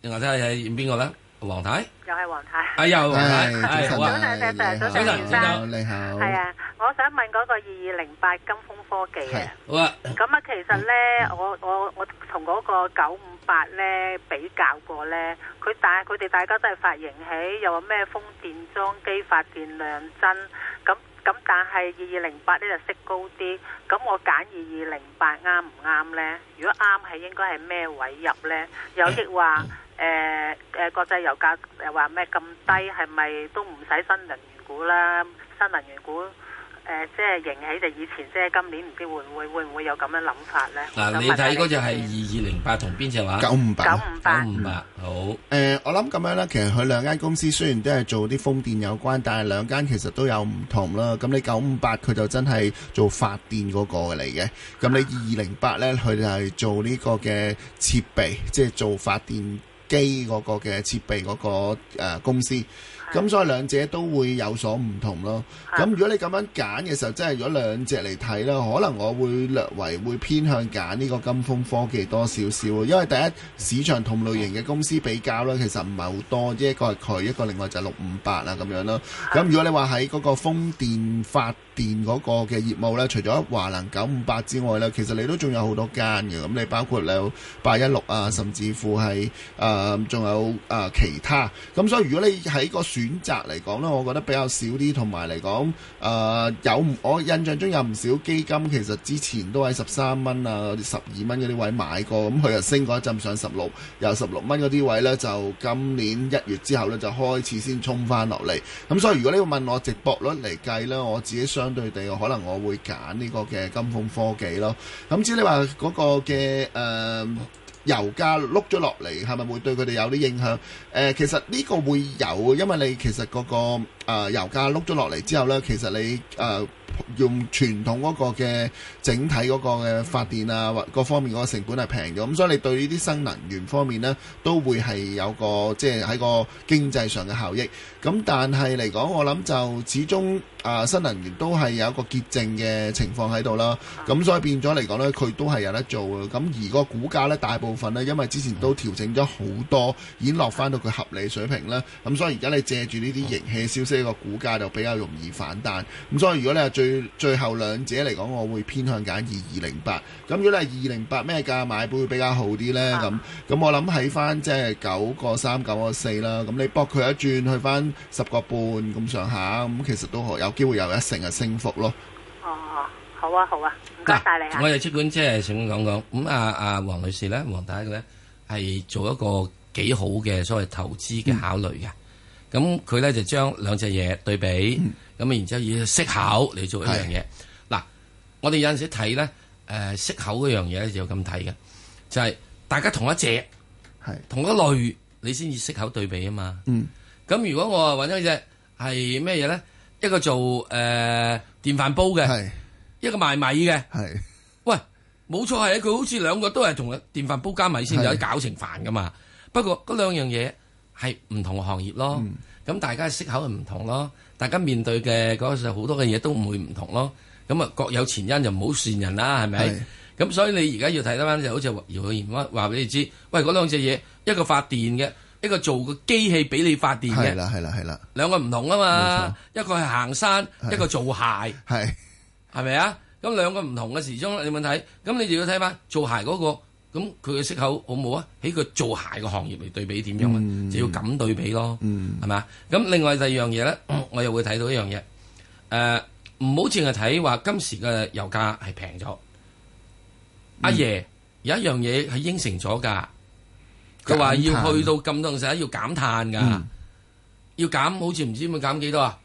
另外睇下睇邊個咧？黃太，又係黃太，啊又係黃太，早晨早晨早晨早晨，先生你好。係啊，我想問嗰個二二零八金風科技啊。好啊。咁啊，其實咧，我我我同嗰個九五八咧比較過咧，佢但係佢哋大家都係發型起，又話咩風電裝機發電量增。咁但係二二零八呢就升高啲，咁我揀二二零八啱唔啱咧？如果啱，係應該係咩位入咧？有啲話誒誒，國際油價誒，話咩咁低，係咪都唔使新能源股啦？新能源股。誒、呃，即係迎起就以前即啫，今年唔知會會會唔會有咁樣諗法咧？嗱、啊，你睇嗰隻係二二零八同邊隻話？九五八九五八九五八,好。誒、呃，我諗咁樣咧，其實佢兩間公司雖然都係做啲風電有關，但係兩間其實都有唔同啦。咁你九五八佢就真係做發電嗰個嚟嘅，咁你二二零八咧，佢就係做呢個嘅設備，即係做發電機嗰個嘅設備嗰、那個誒、呃、公司。咁所以兩者都會有所唔同咯。咁如果你咁樣揀嘅時候，真係如果兩隻嚟睇啦，可能我會略為會偏向揀呢個金鋒科技多少少。因為第一市場同類型嘅公司比較咧，其實唔係好多，一個係佢，一個另外就係六五八啦，咁樣啦。咁如果你話，喺嗰個風電發電嗰個嘅業務咧，除咗華能九五八之外咧，其實你都仲有好多間嘅。咁你包括你有八一六啊，甚至乎係誒仲有誒、呃、其他。咁所以如果你喺、嗰個。選擇嚟講咧，我覺得比較少啲，同埋嚟講，誒、呃、有我印象中有唔少基金其實之前都喺十三蚊啊、十二蚊嗰啲位買過，咁、嗯、佢又升過一陣上十六，又十六蚊嗰啲位呢，就今年一月之後呢，就開始先衝翻落嚟。咁、嗯、所以如果你要問我值博率嚟計呢，我自己相對地可能我會揀呢個嘅金風科技咯。咁至於你話嗰個嘅誒。呃油價碌咗落嚟係咪會對佢哋有啲影響？誒、呃，其實呢個會有，因為你其實嗰、那個、呃、油價碌咗落嚟之後咧，其實你誒。呃用傳統嗰個嘅整體嗰個嘅發電啊，或各方面嗰個成本係平咗，咁所以你對呢啲新能源方面呢，都會係有個即係喺個經濟上嘅效益。咁但係嚟講，我諗就始終啊、呃，新能源都係有一個結症嘅情況喺度啦。咁所以變咗嚟講呢，佢都係有得做嘅。咁而個股價呢，大部分呢，因為之前都調整咗好多，已經落翻到佢合理水平啦。咁所以而家你借住呢啲盈氣消息，個股價就比較容易反彈。咁所以如果你係最最後兩者嚟講，我會偏向揀二二零八。咁如果你係二零八咩價買盤會比較好啲呢？咁咁、啊、我諗喺翻即係九個三、九個四啦。咁你博佢一轉去翻十個半咁上下，咁其實都有機會有一成嘅升幅咯。哦，好啊，好啊，唔該晒你、啊啊。我哋即管即係想講講，咁阿阿黃女士呢，黃大哥咧，係做一個幾好嘅所謂投資嘅考慮嘅。嗯咁佢咧就將兩隻嘢對比，咁、嗯、然之後以適口嚟做一樣嘢。嗱是，我哋有陣時睇咧，誒、呃、適口嗰樣嘢就咁睇嘅，就係、是、大家同一隻，是同一類，你先至適口對比啊嘛。咁、嗯、如果我啊揾咗只係咩嘢咧？一個做誒、呃、電飯煲嘅，是一個賣米嘅。是喂，冇錯係啊！佢好似兩個都係同個電飯煲加米先有得搞成飯噶嘛。不過嗰兩樣嘢。係唔同嘅行業咯，咁大家嘅息口係唔同咯，大家面對嘅嗰時候好多嘅嘢都唔會唔同咯，咁啊各有前因就唔好羨人啦，係咪？咁是的 所以你而家要睇得翻就好似姚浩然話話俾你知，喂嗰兩隻嘢，一個發電嘅，一個做個機器俾你發電嘅，係啦係啦係啦，兩個唔同啊嘛，錯一個係行山，的一個做鞋，係係咪啊？咁 *laughs* 兩個唔同嘅時鐘，你問睇，咁你就要睇翻做鞋嗰、那個。咁佢嘅息口好唔好啊？喺佢做鞋嘅行業嚟對比點樣啊？嗯、就要咁對比咯，係咪啊？咁另外第二樣嘢咧，我又會睇到一樣嘢。誒、呃，唔好淨係睇話今時嘅油價係平咗。嗯、阿爺有一樣嘢係應承咗㗎，佢話要去到咁多時要減碳㗎，嗯、要減好似唔知要減幾多啊？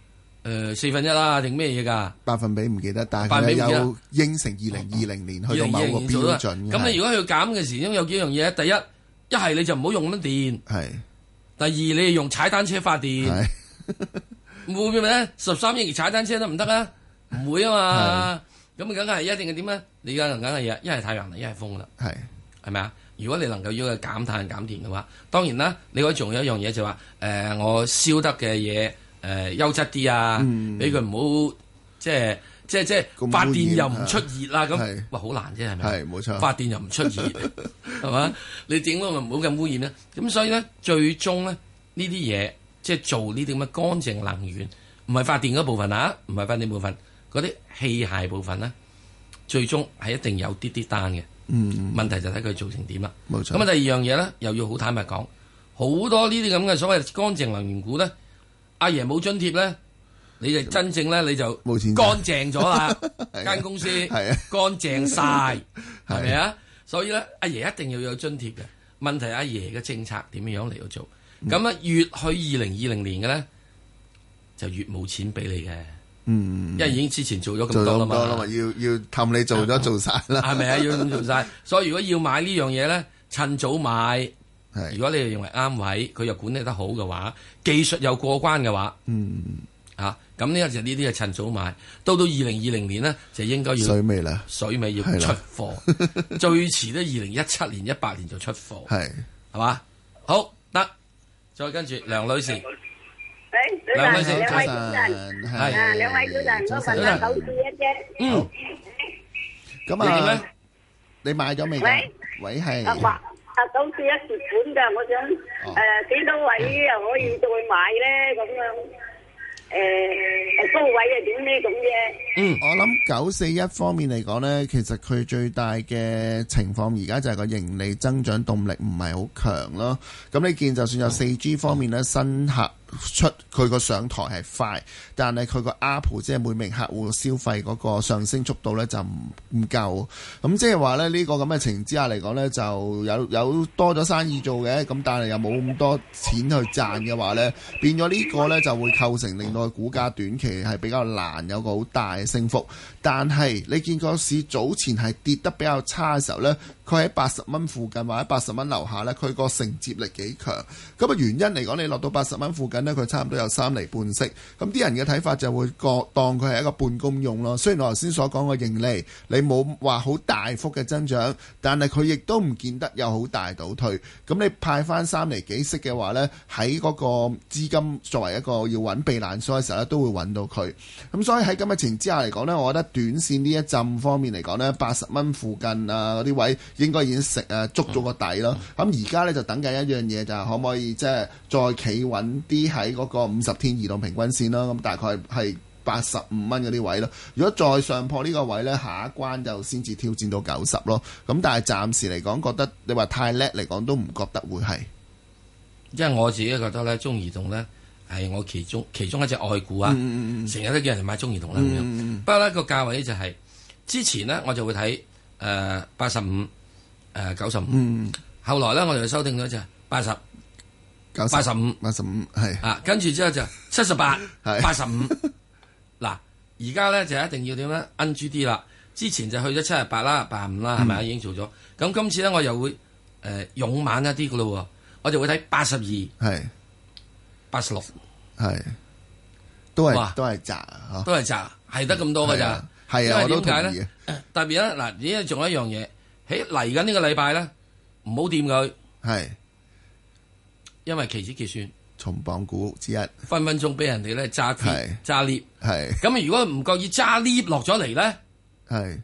誒、呃，四分一啦，定咩嘢噶？百分比唔記得，但係有應承二零二零年去到某個標準嘅。咁你、嗯哦、如果要減嘅時，因有幾樣嘢，第一一係你就唔好用咁多電，係的。第二你用踩單車發電，會唔會咩？十三億踩單車得唔得啊，唔會啊嘛。咁梗係一定嘅點咧？你而家能梗係一，一係太陽，一係風啦。係係咪啊？如果你能夠要佢減碳減電嘅話，當然啦。你可仲有一樣嘢就話誒，我燒得嘅嘢。誒、呃、優質啲啊，俾佢唔好即係即係即係發電又唔出熱啦咁，哇好難啫係咪？係冇錯，發電又唔出熱係、啊、嘛？你點解唔好咁污染呢？咁所以咧，最終咧呢啲嘢即係做呢啲咁嘅乾淨能源，唔係發電嗰部分啊，唔係發電部分，嗰啲器械部分啦，最終係一定有啲啲單嘅。嗯，嗯，問題就睇佢做成點啦。冇錯。咁啊，第二樣嘢咧，又要好坦白講，好多呢啲咁嘅所謂乾淨能源股咧。阿爺冇津貼咧，你就真正咧你就乾淨咗啦，間 *laughs* 公司係啊乾淨晒，係咪啊？所以咧，阿爺一定要有津貼嘅。問題阿爺嘅政策點樣嚟到做？咁啊、嗯，越去二零二零年嘅咧，就越冇錢俾你嘅。嗯，因為已經之前做咗咁多啦嘛，要要氹你做咗做晒啦，係咪啊？要咁做晒。所以如果要買呢樣嘢咧，趁早買。如果你哋認為啱位，佢又管理得好嘅話，技術又過關嘅話，嗯，啊，咁呢個就呢啲就趁早買。到到二零二零年呢，就應該要水尾啦，水尾要出貨，最遲都二零一七年、一八年就出貨，係，係嘛，好得，再跟住梁女士，梁女士早晨，係，兩位主持咁啊，你買咗未？喂，喂係。啊，九四一蝕本噶，我想誒、呃，幾多位又可以再買咧？咁樣誒、呃，高位啊點呢？咁嘅？嗯，我諗九四一方面嚟講咧，其實佢最大嘅情況而家就係個盈利增長動力唔係好強咯。咁你見就算有四 G 方面咧，嗯、新客，出佢個上台係快，但係佢個 Apple 即係每名客戶消費嗰個上升速度呢，就唔唔夠，咁即係話咧呢個咁嘅、這個、情況之下嚟講呢，就有有多咗生意做嘅，咁但係又冇咁多錢去賺嘅話呢，變咗呢個呢，就會構成令到股價短期係比較難有個好大嘅升幅，但係你見個市早前係跌得比較差嘅時候呢。佢喺八十蚊附近或者八十蚊樓下呢，佢個承接力幾強。咁嘅原因嚟講，你落到八十蚊附近呢，佢差唔多有三厘半息。咁啲人嘅睇法就會覺當佢係一個半公用咯。雖然我頭先所講嘅盈利，你冇話好大幅嘅增長，但係佢亦都唔見得有好大倒退。咁你派翻三厘幾息嘅話呢，喺嗰個資金作為一個要揾避難所嘅時候呢都會揾到佢。咁所以喺咁嘅情之下嚟講呢，我覺得短線呢一陣方面嚟講呢八十蚊附近啊嗰啲位。應該已經食啊，捉咗個底咯。咁而家呢，就等緊一樣嘢就係可唔可以即係、就是、再企穩啲喺嗰個五十天移動平均線咯。咁、嗯、大概係八十五蚊嗰啲位咯。如果再上破呢個位呢，下一關就先至挑戰到九十咯。咁但係暫時嚟講，覺得你話太叻嚟講都唔覺得會係。因為我自己覺得呢，中移動呢係我其中其中一隻愛股啊，成日、嗯、都叫人買中移動啦、啊。不過、嗯、呢個價位就係、是、之前呢，我就會睇誒八十五。呃誒，九十五，嗯，後來咧我哋就收定咗就八十，八十五，八十五係，啊，跟住之後就七十八，八十五，嗱，而家咧就一定要點咧，N G D 啦，之前就去咗七十八啦，八十五啦，係咪啊，已經做咗，咁今次咧我又會誒勇猛一啲噶咯，我就會睇八十二，係八十六，係都係都係窄，都係窄，係得咁多噶咋，係啊，我都同意特別咧嗱，而家仲有一樣嘢。喺嚟緊呢個禮拜咧，唔好掂佢，係是，因為期指結算，重磅股之一，分分鐘俾人哋咧揸跌揸跌，係，咁如果唔覺意揸跌落咗嚟咧，係，是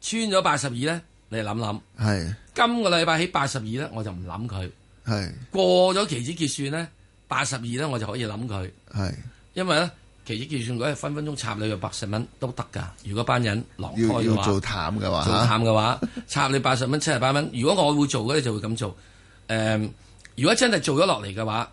穿咗八十二咧，你諗諗，係是，今個禮拜起八十二咧，我就唔諗佢，係是，過咗期指結算咧，八十二咧，我就可以諗佢，係是，因為咧。其實就算我係分分鐘插你個八十蚊都得㗎，如果班人落開嘅話，要做淡嘅話，做淡嘅話 *laughs* 插你八十蚊、七十八蚊。如果我會做嘅，你就會咁做。誒、呃，如果真係做咗落嚟嘅話，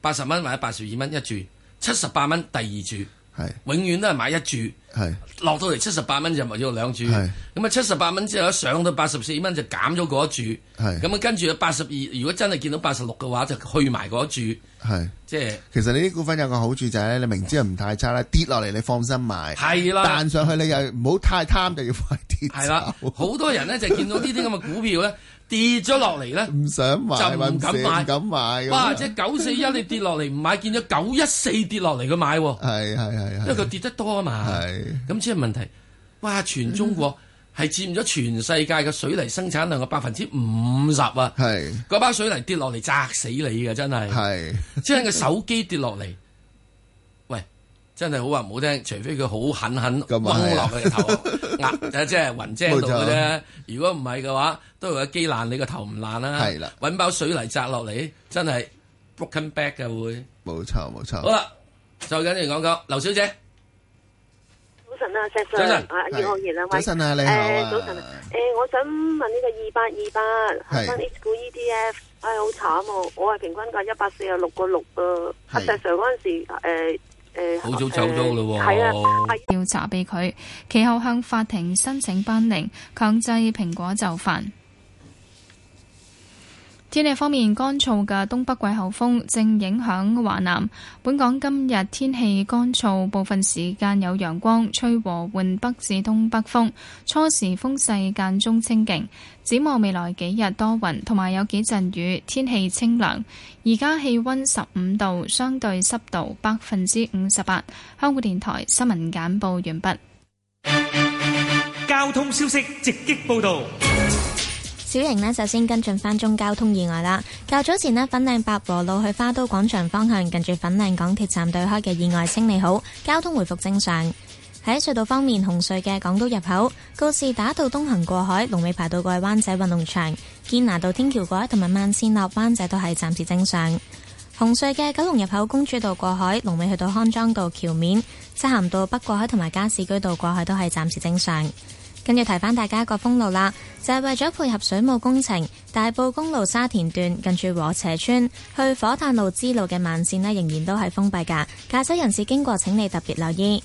八十蚊或者八十二蚊一注，七十八蚊第二注。是永遠都係買一注，係是落到嚟七十八蚊就買咗兩注，係咁啊七十八蚊之後一上到八十四蚊就減咗嗰一注，係咁啊跟住八十二，82，如果真係見到八十六嘅話就去埋嗰一注，係即係其實你啲股份有個好處就係、是、咧，你明知唔太差啦，跌落嚟你放心買，係啦，彈上去你又唔好太貪就要 *laughs* 係啦，好多人呢就見到呢啲咁嘅股票呢 *laughs* 跌咗落嚟呢，唔想買就唔敢買，唔敢買。哇！即係九四一你跌落嚟唔買，見咗九一四跌落嚟佢買，係係係，因為佢跌得多啊嘛。係咁先係問題。哇！全中國係佔咗全世界嘅水泥生產量嘅百分之五十啊！係嗰包水泥跌落嚟砸死你嘅真係， *laughs* 即係個手機跌落嚟。真係好話唔好聽，除非佢好狠狠咁落佢頭，壓即係雲精度嘅啫。如果唔係嘅話，都係會機爛，你個頭唔爛啦。係啦，揾包水泥砸落嚟，真係 broken back 嘅會。冇錯冇錯。好啦，就跟住講講，劉小姐，早晨啊，石 Sir，啊，姚浩然啊，早晨啊，你早晨，誒，我想問呢個二八二八係 H 股 ETF，唉好慘啊，我係平均價一百四十六個六，啊，石 Sir 嗰陣時，誒好、uh, 早走咗啦，調查俾佢，其後向法庭申請頒令，強制蘋果就範。天氣方面，乾燥嘅東北季候風正影響華南。本港今日天氣乾燥，部分時間有陽光，吹和緩北至東北風，初時風勢間中清勁。展望未來幾日多雲，同埋有幾陣雨，天氣清涼。而家氣温十五度，相對濕度百分之五十八。香港電台新聞簡報完畢。交通消息直擊報導。小瑩呢，首先跟進返中交通意外啦。較早前呢，粉嶺百和路去花都廣場方向，近住粉嶺港鐵站對開嘅意外清理好，交通回復正常。喺隧道方面，紅隧嘅港島入口告士打道東行過海，龍尾排到過去灣仔運動場；堅拿道天橋過海同埋萬仙立灣仔都係暫時正常。紅隧嘅九龍入口公主道過海，龍尾去到康莊道橋面，漆咸道北過海同埋加士居道過海都係暫時正常。跟住提翻大家一個封路啦，就係、是、為咗配合水務工程，大埔公路沙田段近住和斜村去火炭路支路嘅慢線呢，仍然都係封閉噶。駕駛人士經過，請你特別留意。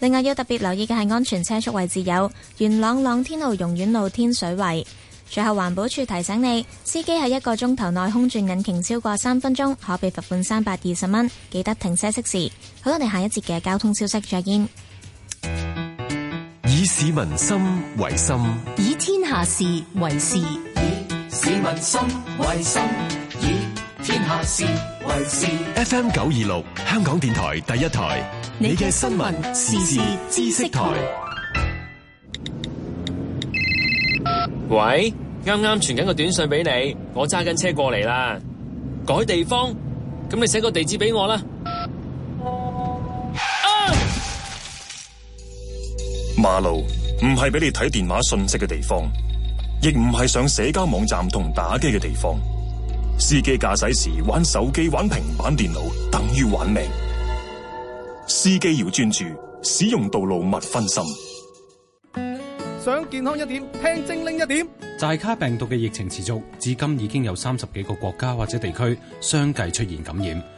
另外要特別留意嘅係安全車速位置有元朗朗天路、容園路、天水圍。最後環保署提醒你，司機喺一個鐘頭內空轉引擎超過三分鐘，可被罰款三百二十蚊。記得停車熄匙。好，我哋下一節嘅交通消息再見。以市民心為心，以天下事為事。以市民心為心，以天下事為事。FM 九二六，香港電台第一台，你嘅新聞時事知識台。喂，啱啱傳緊個短信俾你，我揸緊車過嚟啦，改地方，咁你寫個地址俾我啦。馬路唔係俾你睇電話信息嘅地方，亦唔係上社交網站同打機嘅地方。司機駕駛時玩手機、玩平板電腦，等於玩命。司機要專注，使用道路勿分心。想健康一點，聽精靈一點。寨卡病毒嘅疫情持續，至今已經有三十幾個國家或者地區相繼出現感染。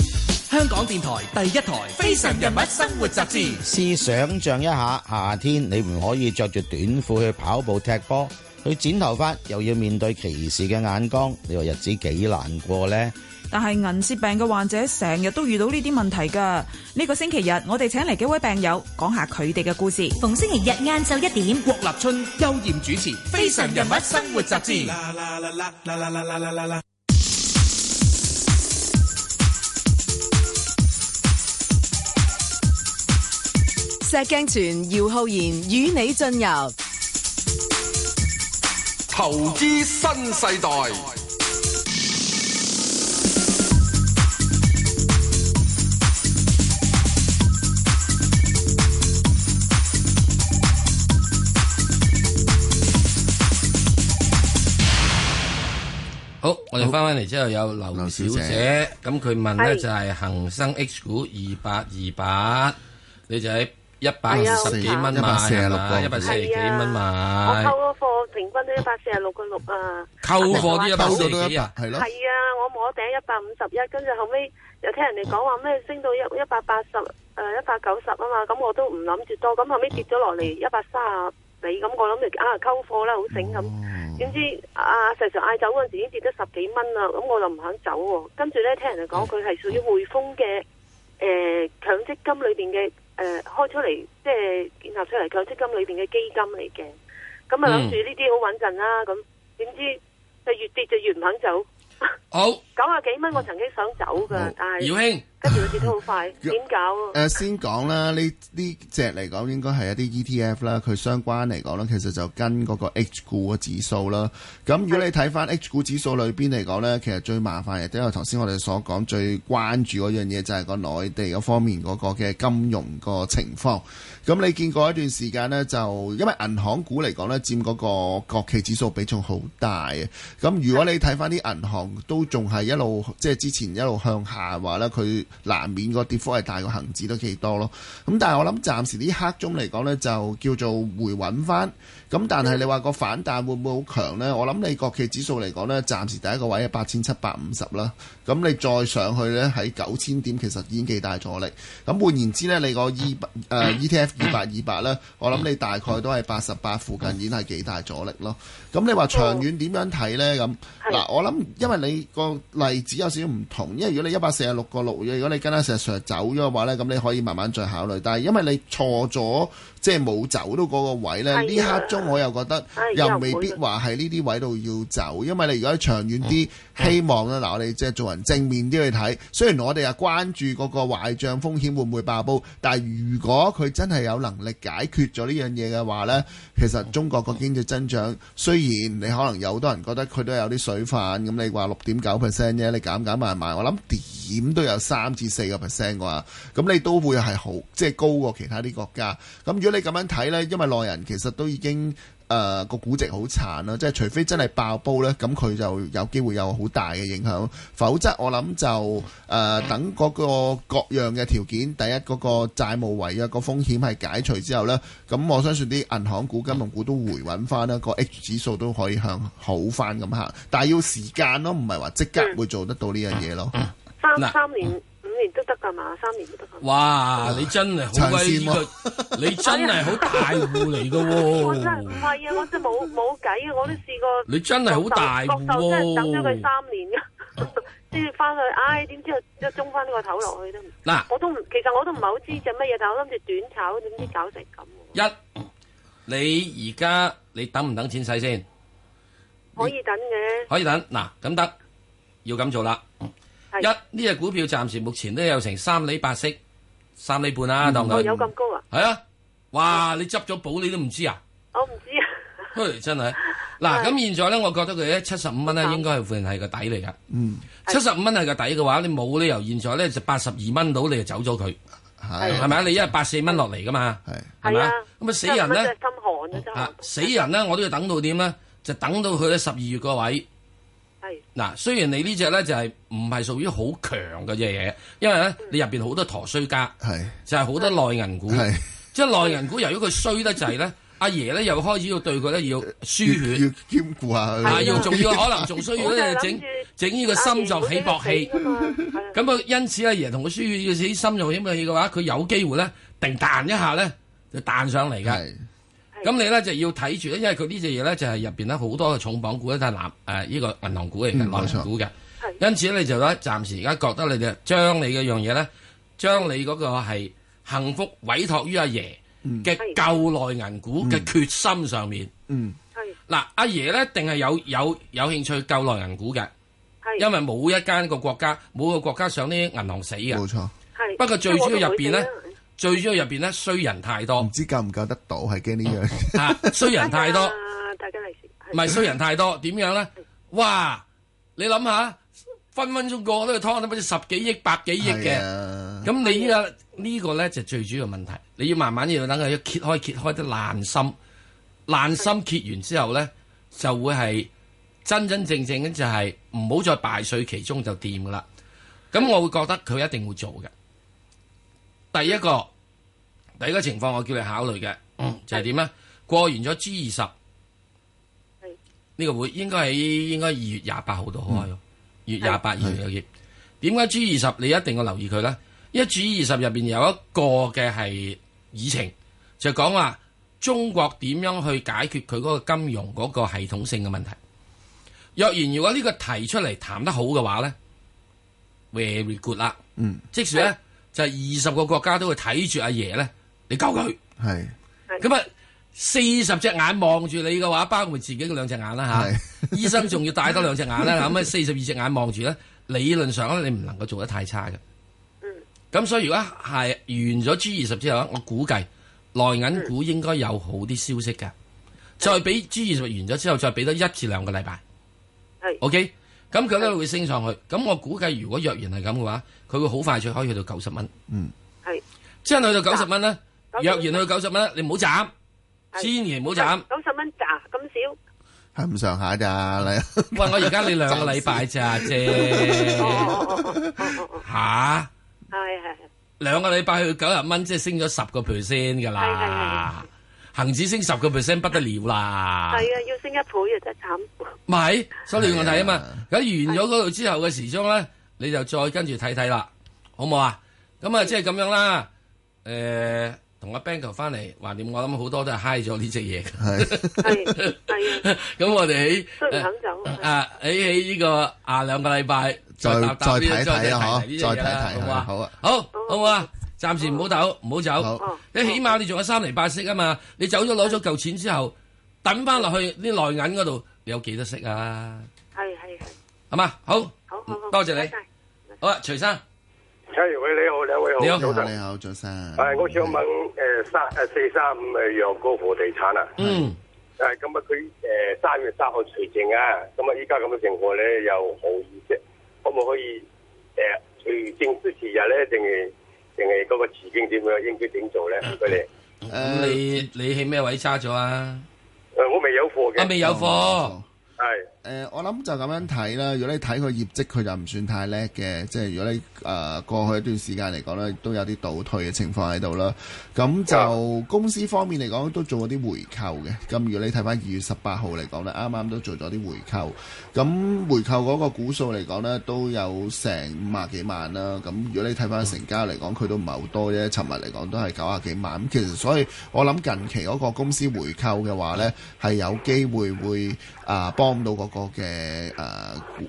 香港電台第一台《非常人物生活雜誌》，試想象一下，夏天你唔可以着住短褲去跑步、踢波、去剪頭髮，又要面對歧視嘅眼光，你話日子幾難過呢？但係銀屑病嘅患者成日都遇到呢啲問題噶。呢個星期日，我哋請嚟幾位病友講下佢哋嘅故事。逢星期日晏晝一點，郭立春、休艷主持《非常人物生活雜誌》。石鏡泉、姚浩然與你進入投資新世代。好，我哋翻翻嚟之後有劉小姐，咁佢問呢是就係恒生 H 股二八二八，你就係。一百四啊，一百四啊，一百四十幾蚊嘛？我扣咗貨平均都一百四十六個六啊。扣貨都一百四十幾啊？係咯。係啊，我摸頂一百五十一，跟住後尾又聽人哋講話咩升到一一百八十，誒一百九十啊嘛，咁我都唔諗住多，咁後尾跌咗落嚟一百三十幾，咁我諗住啊，溝貨啦，好醒咁。點知阿石石嗌走嗰陣時已經跌咗十幾蚊啦，咁我就唔肯走。跟住咧，聽人哋講佢係屬於匯豐嘅誒強積金裏邊嘅。誒、呃，開出嚟即係建立出嚟，強積金裏邊嘅基金嚟嘅，咁啊諗住呢啲好穩陣啦，咁點知就越跌就越唔肯走，好九十幾蚊我曾經想走噶，oh. 但係是。跟住跌得好快，點搞 *laughs* 啊？呃、先講啦，呢呢隻嚟講應該係一啲 ETF 啦，佢相關嚟講呢，其實就跟嗰個 H 股嘅指數啦。咁如果你睇翻 H 股指數裏邊嚟講呢，其實最麻煩嘅，即係頭先我哋所講最關注嗰樣嘢，就係個內地嗰方面嗰個嘅金融個情況。咁你見過一段時間呢，就因為銀行股嚟講呢，佔嗰個國企指數比重好大嘅。咁如果你睇翻啲銀行都仲係一路，即係之前一路向下嘅話呢，佢難免個跌幅係大過恒指都幾多咯，咁但係我諗暫時呢刻中嚟講呢，就叫做回穩返，咁但係你話個反彈會唔會好強呢？我諗你國企指數嚟講呢，暫時第一個位係八千七百五十啦，咁你再上去呢，喺九千點其實已經幾大阻力，咁換言之呢，你個二百 ETF 二八二八呢，我諗你大概都係八十八附近、嗯、已經係幾大阻力咯。咁你話長遠點樣睇呢？咁嗱、嗯，我諗因為你個例子有少少唔同，因為如果你一百四十六個六如果你跟阿石 Sir 走咗嘅話咧，咁你可以慢慢再考慮。但係因為你錯咗。即係冇走到嗰個位咧，呢刻中我又覺得又未必話喺呢啲位度要走，因為你如果係長遠啲希望咧，嗱我哋即係做人正面啲去睇。雖然我哋又關注嗰個壞帳風險會唔會爆煲，但係如果佢真係有能力解決咗呢樣嘢嘅話咧，其實中國個經濟增長雖然你可能有好多人覺得佢都有啲水份咁，你話六點九 percent 啫，你減減埋埋，我諗點都有三至四個 percent 㗎嘛。咁你都會係好即係高過其他啲國家。咁如果你咁樣睇呢？因為內銀其實都已經誒、呃、個估值好殘啦，即係除非真係爆煲呢，咁佢就有機會有好大嘅影響。否則我諗就誒、呃、等嗰個各樣嘅條件，第一嗰、嗰個債務違約個風險係解除之後呢，咁我相信啲銀行股、金融股都回穩翻啦，個 H 指數都可以向好翻咁行，但係要時間咯，唔係話即刻會做得到呢樣嘢咯。嗯嗯、三三年。年都得噶嘛？三年都得。哇！你真係好威，你真係好大戶嚟噶喎！我真係唔係啊，我真係冇冇計啊！我都試過。你真係好大戶。國壽真係等咗佢三年噶，跟住翻去，唉，點知又中翻呢個頭落去咧？嗱，我都唔，其實我都唔係好知隻乜嘢，但係我諗住短炒，點知搞成咁。一，你而家你等唔等錢使先？可以等嘅。可以等嗱，咁得，要咁做啦。一呢隻股票暫時目前都有成三厘八息，三厘半啦，唐生有咁高啊？係啊，哇！你執咗保你都唔知啊？我唔知，啊！真係嗱。咁現在咧，我覺得佢咧七十五蚊咧應該係算係個底嚟噶。嗯，七十五蚊係個底嘅話，你冇理由現在咧就八十二蚊到你就走咗佢，係咪啊？你因為八四蚊落嚟噶嘛，係咪啊？咁啊死人咧，心寒死人咧，我都要等到點咧？就等到佢咧十二月個位。嗱，雖然你呢隻咧就係唔係屬於好強嗰隻嘢，因為咧你入邊好多陀衰家，係就係好多內銀股，即係內銀股由於佢衰得滯咧，阿爺咧又開始要對佢咧要輸血，要兼顧下佢，要仲要可能仲需要咧整整呢個心臟起搏器，咁啊，因此阿爺同佢輸血要起心臟起搏器嘅話，佢有機會咧，定彈一下咧就彈上嚟㗎。咁你咧就要睇住咧，因為佢呢隻嘢咧就係入邊咧好多嘅重磅股咧，都係南誒呢個銀行股嚟嘅，嗯、銀行股嘅，是因此咧你就咧暫時而家覺得你哋將你嗰樣嘢咧，將你嗰個係幸福委託於阿爺嘅救內銀股嘅決心上面。嗯，嗱、嗯，阿、嗯啊、爺咧定係有有有興趣救內銀股嘅，係是，因為冇一間個國家，每個國家想啲銀行死嘅，冇錯。係是。不過最主要入邊咧。最主要入邊咧，衰人太多，唔知夠唔夠得到，係驚呢樣。衰人太多，哎、大家嚟，唔係衰人太多，點樣咧？哇！你諗下，分分鐘過呢個湯都好似十幾億、百幾億嘅。咁、啊、你依家呢個咧就最主要問題，你要慢慢要等佢要揭開、揭開啲爛心，爛心揭完之後咧，就會係真真正正跟住就係唔好再敗絮其中就掂噶啦。咁我會覺得佢一定會做嘅。第一個。第一個情況我叫你考慮嘅，嗯、就係點呢？過完咗 G 二十、嗯，呢個會應該喺應該二月廿八號度開，嗯、的月廿八二月廿八。點解 G 二十你一定要留意佢咧？因為 G 二十入邊有一個嘅係議程，就講、是、話中國點樣去解決佢嗰個金融嗰個系統性嘅問題。若然如果呢個提出嚟談得好嘅話呢，very good 啦，嗯，即使呢，的就係二十個國家都會睇住阿爺呢。你救佢，係咁啊！四十隻眼望住你嘅話，包括自己嘅兩隻眼啦吓，醫生仲要帶多兩隻眼啦。咁啊，四十二隻眼望住咧，理論上咧，你唔能夠做得太差嘅。嗯。咁所以如果係完咗 G 二十之後咧，我估計內銀股應該有好啲消息嘅。再俾 G 二十完咗之後，再俾多一至兩個禮拜。係。OK，咁佢咧會升上去。咁我估計如果若然係咁嘅話，佢會好快就可以去到九十蚊。嗯。係。即係去到九十蚊咧。若然去九十蚊，你唔好斬，千祈唔好斬。九十蚊斬咁少，係咁、 *noise* 哎、上下咋你？喂，我兩而家你兩個禮拜咋啫？吓，係係係，兩個禮拜去九十蚊，即係升咗十個 percent 噶啦，恒指升十個 percent 不得了啦。係啊，要升一倍又真係慘。唔係，所以問題啊嘛。咁的完咗嗰度之後嘅時鐘咧，的你就再跟住睇睇啦，好唔好啊？咁啊，即係咁樣啦，誒、呃。同阿 Banker 翻嚟，話點？我諗好多都係 high 咗呢隻嘢。係係係，咁我哋喺，都唔肯走。啊，喺喺呢個啊兩個禮拜再再睇一睇啦，嗬？再睇一睇，好啊。好啊，好好唔好啊？暫時唔好走，唔好走。你起碼你仲有三厘八息啊嘛？你走咗攞咗嚿錢之後，等翻落去啲內銀嗰度，你有幾多息啊？係係係，係嘛？好，好好多謝你。好啊，徐生。喂你好，兩位好，早晨你好，早晨。係我想問，誒三誒四三五嘅陽光房地產啊。嗯。誒，咁啊佢誒三月三號除證啊，咁啊依家咁嘅情況咧又好以啫？可唔可以誒除證之前日咧？定係定係嗰個持金點樣？應該點做咧？佢哋。咁你你喺咩位揸咗啊？誒，我未有貨嘅。我未有貨。係。誒、呃，我諗就咁樣睇啦。如果你睇佢業績，佢就唔算太叻嘅。即係如果你啊、呃、過去一段時間嚟講咧，都有啲倒退嘅情況喺度啦。咁就公司方面嚟講，都做咗啲回購嘅。咁如果你睇翻二月十八號嚟講呢，啱啱都做咗啲回購。咁回購嗰個股數嚟講呢，都有成五十幾萬啦。咁如果你睇翻成交嚟講，佢都唔係好多啫。尋日嚟講都係九十幾萬。咁其實所以我諗近期嗰個公司回購嘅話呢，係有機會會啊、呃、幫到、嗰個啊啊啊，個嘅誒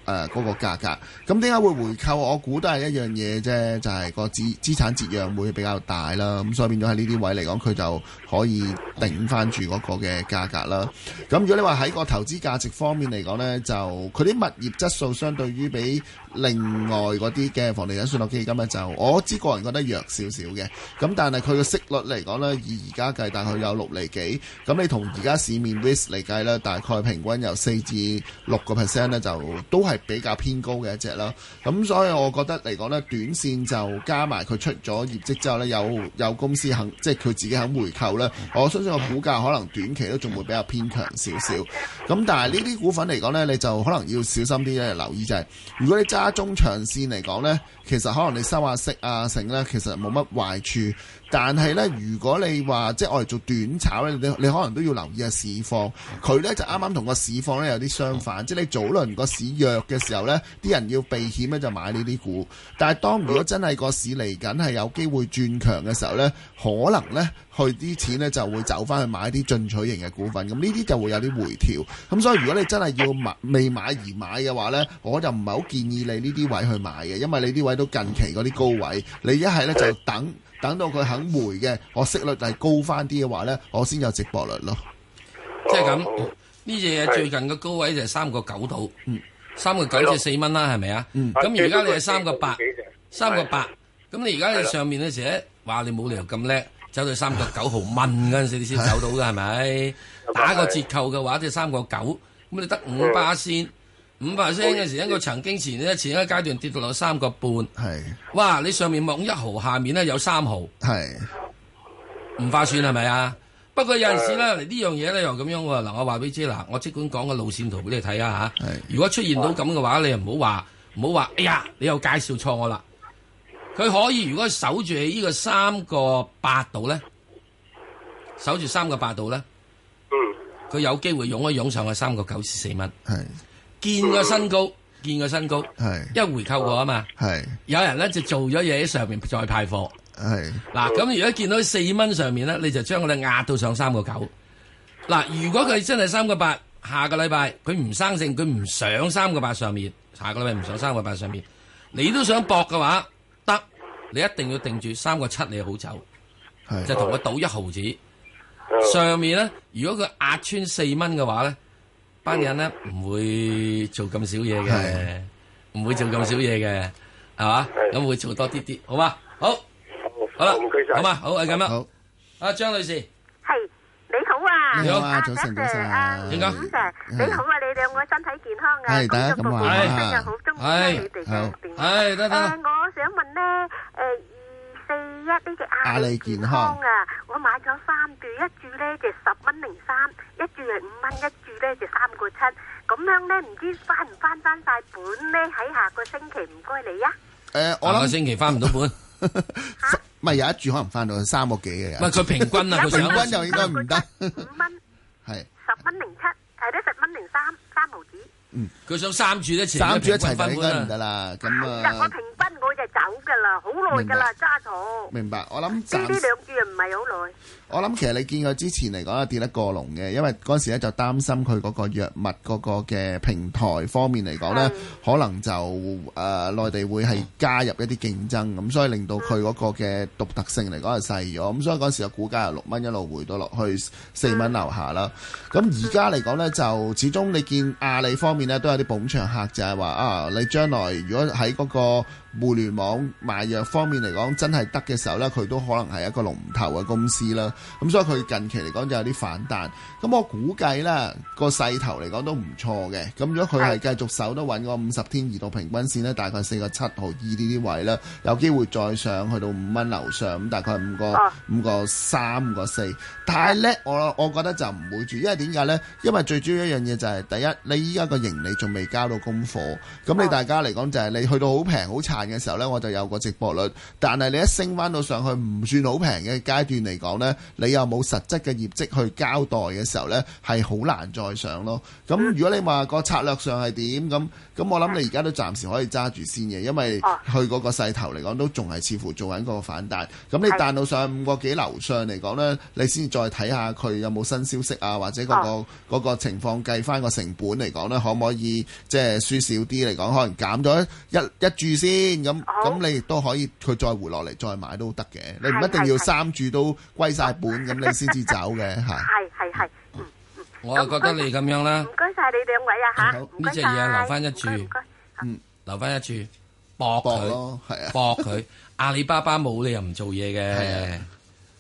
誒個價格，咁點解會回購？我估都係一樣嘢啫，就係、是、個資資產折讓會比較大啦。咁所以變咗喺呢啲位嚟講，佢就可以頂翻住嗰個嘅價格啦。咁如果你話喺個投資價值方面嚟講呢，就佢啲物業質素相對於比。另外嗰啲嘅房地產信託基金咧，就我知個人覺得弱少少嘅，咁但係佢嘅息率嚟講咧，以而家計大概有六釐幾，咁你同而家市面 risk 嚟計咧，大概平均由四至六個 percent 咧，就都係比較偏高嘅一隻啦。咁所以我覺得嚟講咧，短線就加埋佢出咗業績之後咧，有有公司肯，即係佢自己肯回購咧，我相信個股價可能短期都仲會比較偏強少少。咁但係呢啲股份嚟講咧，你就可能要小心啲咧，留意就係如果你揸。加中長線嚟講呢，其實可能你收下息啊，成呢其實冇乜壞處。但係呢，如果你話即係我哋做短炒呢，你你可能都要留意下市況。佢呢就啱啱同個市況呢有啲相反，即係你早輪個市弱嘅時候呢，啲人要避險呢就買呢啲股。但係當如果真係個市嚟緊係有機會轉強嘅時候呢，可能呢佢啲錢呢就會走翻去買啲進取型嘅股份。咁呢啲就會有啲回調。咁所以如果你真係要買未買而買嘅話呢，我就唔係好建議你呢啲位去買嘅，因為你啲位都近期嗰啲高位，你一係呢就等。等到佢肯回嘅，我息率就係高翻啲嘅話咧，我先有值博率咯。即係咁，呢隻嘢最近嘅高位就係三個九度，嗯，三個九至四蚊啦，係咪啊？咁而家你係三個八，三個八，咁你而家上面嘅時咧，話你冇理由咁叻，走到三個九毫蚊嗰陣時，你先走到噶，係咪？打個折扣嘅話，即係三個九，咁你得五巴仙。五八升嘅時，一個曾經前咧前一階段跌到落三個半，係的哇！你上面掹一毫，下面咧有三毫，係唔划算，係咪啊？不過有陣時咧呢的樣嘢咧又咁樣喎。嗱，我話俾你知，嗱，我即管講個路線圖俾你睇下。吓、啊，的如果出現到咁嘅話，你又唔好話唔好話，哎呀，你又介紹錯我啦！佢可以如果守住呢個三個八度咧，守住三個八度咧，佢有機會湧一湧上去三個九四蚊，係。見過新高，見過新高，是因為回購過啊嘛。係是，有人咧就做咗嘢喺上面再派貨。係是，嗱咁、啊、如果見到四蚊上面咧，你就將佢哋壓到上三個九。嗱、啊，如果佢真係三個八，下個禮拜佢唔生性，佢唔上三個八上面，下個禮拜唔上三個八上面，你都想搏嘅話，得，你一定要定住三個七，你好走，即係同佢賭一毫子。上面咧，如果佢壓穿四蚊嘅話咧。班人咧唔會做咁少嘢嘅。唔會做咁少嘢嘅，係嘛，咁會做多啲啲，好嘛，好，好啦，好嘛，好係咁啦。阿張女士，係你好啊，早晨，早晨，點解？你好啊，你兩個身體健康啊，工商部本身就好中意你哋嘅。誒，我想問咧，誒。亞利健康啊！我買咗三注，一注咧就十蚊零三，一注係五蚊，一注咧就三個七，咁樣咧唔知翻唔翻翻晒本咧？喺下個星期唔該你啊！誒，我諗下個星期翻唔到本，咪有一注可能翻到去三個幾嘅。咪佢平均啊，佢平均就應該唔得五蚊，係十蚊零七，係咧十蚊零三。嗯，佢想三住一齊，三住一齊分，梗係唔得啦。咁啊，白啊我平均我就走噶啦，好耐噶啦，揸土白。素明白，我諗呢啲兩注唔係好耐。我諗其實你見佢之前嚟講咧跌得過龍嘅，因為嗰時咧就擔心佢嗰個藥物嗰個嘅平台方面嚟講呢，嗯、可能就誒、呃、內地會係加入一啲競爭，咁所以令到佢嗰個嘅獨特性嚟講係細咗，咁所以嗰時個股價由六蚊一路回到落去四蚊樓下啦。咁而家嚟講呢，就始終你見阿里方面呢，都有啲捧場客就，就係話啊，你將來如果喺嗰、嗰個，互聯網賣藥方面嚟講，真係得嘅時候呢，佢都可能係一個龍頭嘅公司啦。咁所以佢近期嚟講就有啲反彈。咁我估計呢個勢頭嚟講都唔錯嘅。咁如果佢係繼續守得穩個五十天移動平均線呢，大概四個七毫二呢啲位啦，有機會再上去到五蚊樓上，咁大概五個五個三個四。太叻我我覺得就唔會住，因為點解呢？因為最主要一樣嘢就係第一，你依家個盈利仲未交到功課。咁你大家嚟講就係你去到好平好殘。嘅時候呢，我就有個值博率。但係你一升翻到上去，唔算好平嘅階段嚟講呢，你又冇實質嘅業績去交代嘅時候呢，係好難再上咯。咁如果你話個策略上係點咁咁，我諗你而家都暫時可以揸住先嘅，因為佢嗰個勢頭嚟講都仲係似乎做緊個反彈。咁你彈到上五個幾樓上嚟講呢，你先再睇下佢有冇新消息啊，或者嗰、嗰個啊、個情況計翻個成本嚟講呢，可唔可以即係、就是、輸少啲嚟講，可能減咗一一，一注先。咁咁那好你亦都可以，佢再回落嚟再買都得嘅，你唔一定要三注都歸晒本咁是你先至走嘅吓。係係係，我啊覺得你咁樣啦。唔該晒你兩位啊吓，呢隻嘢留翻一注，唔該，嗯，留翻一注博佢咯，係啊，博佢。 *laughs* 阿里巴巴冇你又唔做嘢嘅，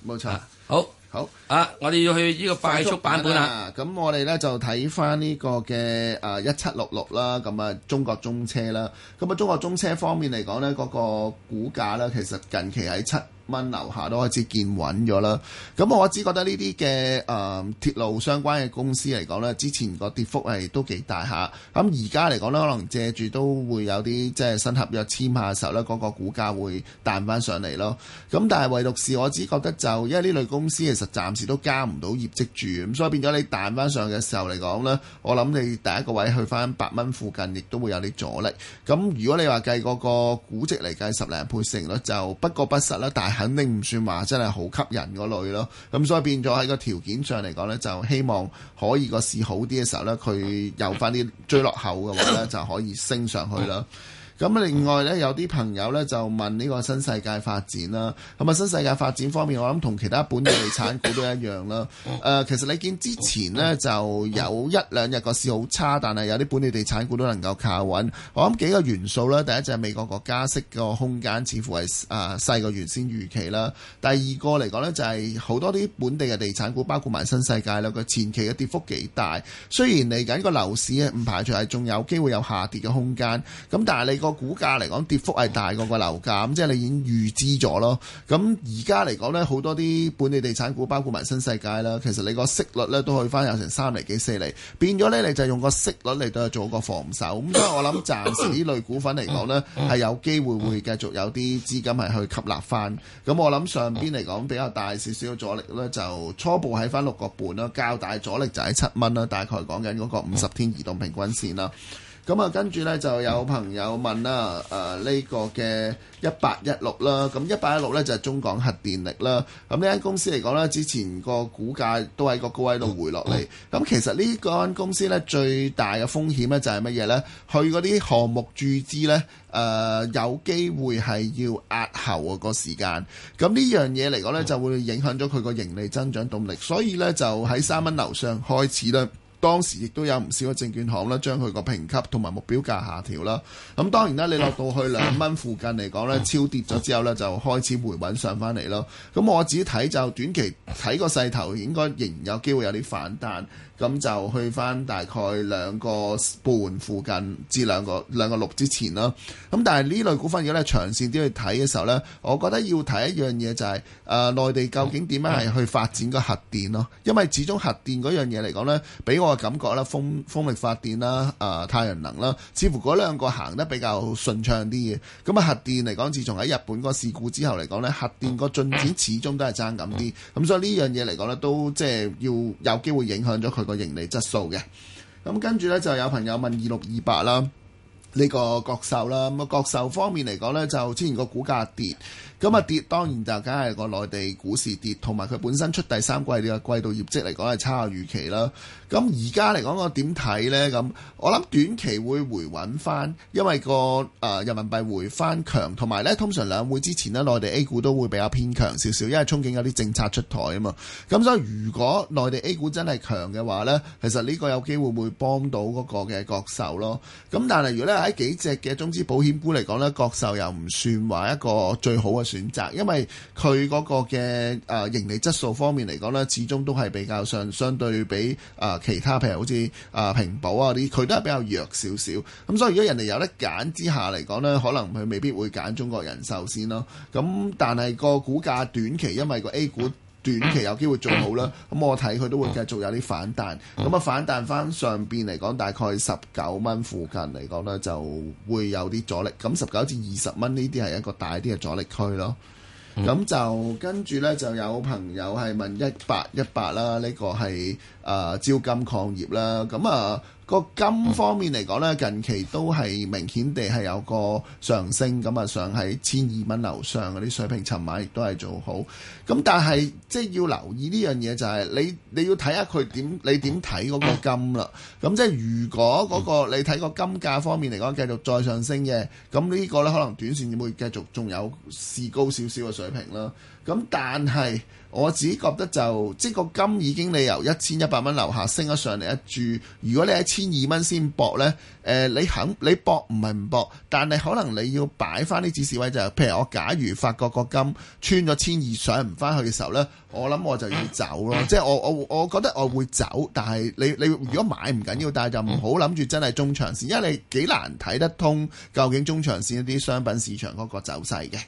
冇錯、啊。好。好啊！我哋要去呢個快速版本啦。咁、啊、我哋呢就睇返呢個嘅啊一七六六啦。咁啊中國中車啦。咁啊中國中車方面嚟講呢，嗰、那個股價呢其實近期喺七蚊樓下都開始見穩咗啦，咁我只覺得呢啲嘅誒鐵路相關嘅公司嚟講呢，之前個跌幅係都幾大下，咁而家嚟講呢，可能借住都會有啲即係新合約簽下時候咧，嗰個股價會彈翻上嚟咯。咁但係唯獨是我只覺得就因為呢類公司其實暫時都加唔到業績住，咁所以變咗你彈翻上嘅時候嚟講呢，我諗你第一個位去翻八蚊附近，亦都會有啲阻力。咁如果你話計嗰個估值嚟計十零倍成率，就不過不失啦，但係。肯定唔算話真係好吸引嗰類咯，咁所以變咗喺個條件上嚟講呢，就希望可以個市好啲嘅時候呢，佢有返啲追落後嘅話呢，就可以升上去啦。 *coughs* 咁另外咧，有啲朋友咧就問呢個新世界發展啦。咁啊，新世界發展方面，我諗同其他本地地產股都一樣啦。誒，咳咳，其實你見之前呢，就有一兩日個市好差，但係有啲本地地產股都能夠靠穩。我諗幾個元素啦，第一就係美國個加息個空間似乎係啊細過原先預期啦。第二個嚟講呢，就係好多啲本地嘅地產股，包括埋新世界啦，個前期嘅跌幅幾大。雖然嚟緊個樓市唔排除係仲有機會有下跌嘅空間，咁但係你個股價嚟講，跌幅係大過個樓價，咁即係你已經預支咗咯。咁而家嚟講呢，好多啲本地地產股，包括埋新世界啦，其實你個息率呢都去翻有成三厘幾、四厘，變咗呢，你就用個息率嚟到做個防守。咁 *coughs* 所以我諗暫時呢類股份嚟講呢，係有機會會繼續有啲資金係去吸納翻。咁 *coughs* 我諗上邊嚟講比較大少少嘅阻力呢，就初步喺翻六個半啦，較大阻力就喺七蚊啦，大概講緊嗰個五十天移動平均線啦。咁啊，跟住呢，就有朋友問啦，誒、呃、呢、呢個嘅一八一六啦，咁一八一六呢，就係中港核電力啦。咁呢間公司嚟講咧，之前個股價都喺個高位度回落嚟。咁其實呢間公司呢，最大嘅風險呢，就係乜嘢呢？佢嗰啲項目注資呢，誒、呃、有機會係要壓後個時間。咁呢樣嘢嚟講呢，就會影響咗佢個盈利增長動力。所以呢，就喺三蚊樓上開始啦。當時亦都有唔少嘅證券行啦，將佢個評級同埋目標價下調啦。咁當然啦，你落到去兩蚊附近嚟講呢，超跌咗之後呢，就開始回穩上返嚟咯。咁我自己睇就短期睇個勢頭，應該仍有機會有啲反彈。咁就去翻大概兩個半附近至兩個、兩個六之前啦。咁但係呢類股份如果咧長線啲去睇嘅時候呢，我覺得要睇一樣嘢就係誒內地究竟點樣係去發展個核電咯。因為始終核電嗰樣嘢嚟講呢，俾我嘅感覺啦，風、風力發電啦、誒、呃、太陽能啦，似乎嗰兩個行得比較順暢啲嘅。咁、嗯、啊核電嚟講，自從喺日本個事故之後嚟講呢，核電個進展始終都係爭咁啲。咁、嗯嗯、所以呢樣嘢嚟講呢都即係要有機會影響咗佢。個盈利質素嘅，咁跟住咧就有朋友問二六二八啦。呢個國壽啦，咁啊國壽方面嚟講呢，就之前個股價跌，咁啊跌當然就梗係個內地股市跌，同埋佢本身出第三季嘅、這個、季度業績嚟講係差下預期啦。咁而家嚟講我點睇呢？咁我諗短期會回穩返，因為個誒人民幣回返強，同埋呢通常兩會之前呢內地 A 股都會比較偏強少少，因為憧憬有啲政策出台啊嘛。咁所以如果內地 A 股真係強嘅話呢，其實呢個有機會會幫到嗰個嘅國壽咯。咁但係如果咧？喺幾隻嘅中資保險股嚟講呢，國壽又唔算話一個最好嘅選擇，因為佢嗰個嘅誒、呃、盈利質素方面嚟講呢，始終都係比較上相對比誒、呃、其他，譬如好似誒、呃、平保啊啲，佢都係比較弱少少。咁、嗯、所以如果人哋有得揀之下嚟講呢，可能佢未必會揀中國人壽先咯。咁但係個股價短期因為個 A 股，短期有機會做好啦，咁我睇佢都會繼續有啲反彈，咁啊反彈翻上邊嚟講大概十九蚊附近嚟講呢，就會有啲阻力，咁十九至二十蚊呢啲係一個大啲嘅阻力區咯，咁、嗯、就跟住呢，就有朋友係問一百一百啦，呢個係啊招金礦業啦，咁啊。呃個金方面嚟講咧，近期都係明顯地係有個上升，咁啊上喺千二蚊樓上嗰啲水平，尋晚亦都係做好。咁但係即係要留意呢樣嘢就係、是、你你要睇下佢點你點睇嗰個金啦。咁即係如果嗰、那個你睇個金價方面嚟講繼續再上升嘅，咁呢個呢，可能短線會繼續仲有是高少少嘅水平啦。咁但係。我自己覺得就即係個金已經你由一千一百蚊樓下升咗上嚟一注，如果你喺千二蚊先搏呢，誒、呃、你肯你搏唔係唔搏，但係可能你要擺翻啲指示位就係、譬如我假如發覺個金穿咗千二上唔翻去嘅時候呢，我諗我就要走咯，即係我我我覺得我會走，但係你你如果買唔緊要，但係就唔好諗住真係中長線，因為你幾難睇得通究竟中長線一啲商品市場嗰個走勢嘅。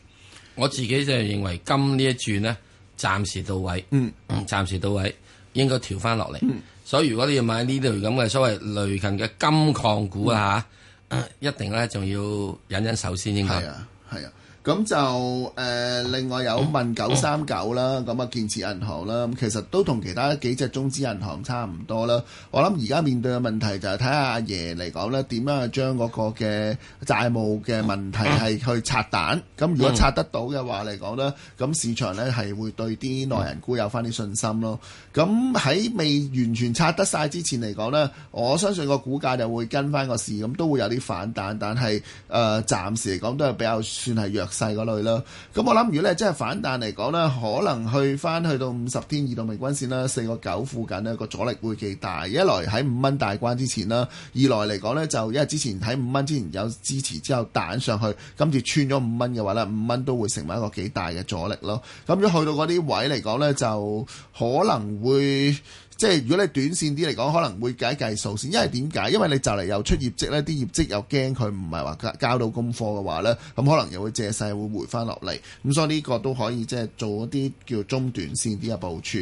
我自己就認為金呢一轉呢。暫時到位， *coughs* 暫時到位，應該調翻落嚟。 *coughs* 所以如果你要買呢類咁嘅所謂類近嘅金礦股 *coughs* 啊嚇，一定咧仲要忍忍手先應該。係啊，係啊。咁就誒、呃，另外有問九三九啦，咁啊建設銀行啦，其實都同其他幾隻中資銀行差唔多啦。我諗而家面對嘅問題就係睇下阿爺嚟講呢，點樣將嗰個嘅債務嘅問題係去拆彈。咁如果拆得到嘅話嚟講呢，咁市場呢係會對啲內銀股有翻啲信心咯。咁喺未完全拆得晒之前嚟講呢，我相信個股價就會跟翻個市，咁都會有啲反彈。但係誒、呃，暫時嚟講都係比較算係弱。細嗰類啦，咁我諗如果咧即係反彈嚟講咧，可能去翻去到五十天移動平均線啦，四個九附近呢個阻力會幾大。一來喺五蚊大關之前啦，二來嚟講呢，就因為之前喺五蚊之前有支持之後彈上去，今次穿咗五蚊嘅話呢，五蚊都會成為一個幾大嘅阻力咯。咁要去到嗰啲位嚟講呢，就可能會。即係如果你短線啲嚟講，可能會解計數先，因為點解？因為你就嚟又出業績呢啲業績，又驚佢唔係話交到功課嘅話呢，咁可能又會借勢會回翻落嚟。咁所以呢個都可以即係做一啲叫中短線啲嘅部署。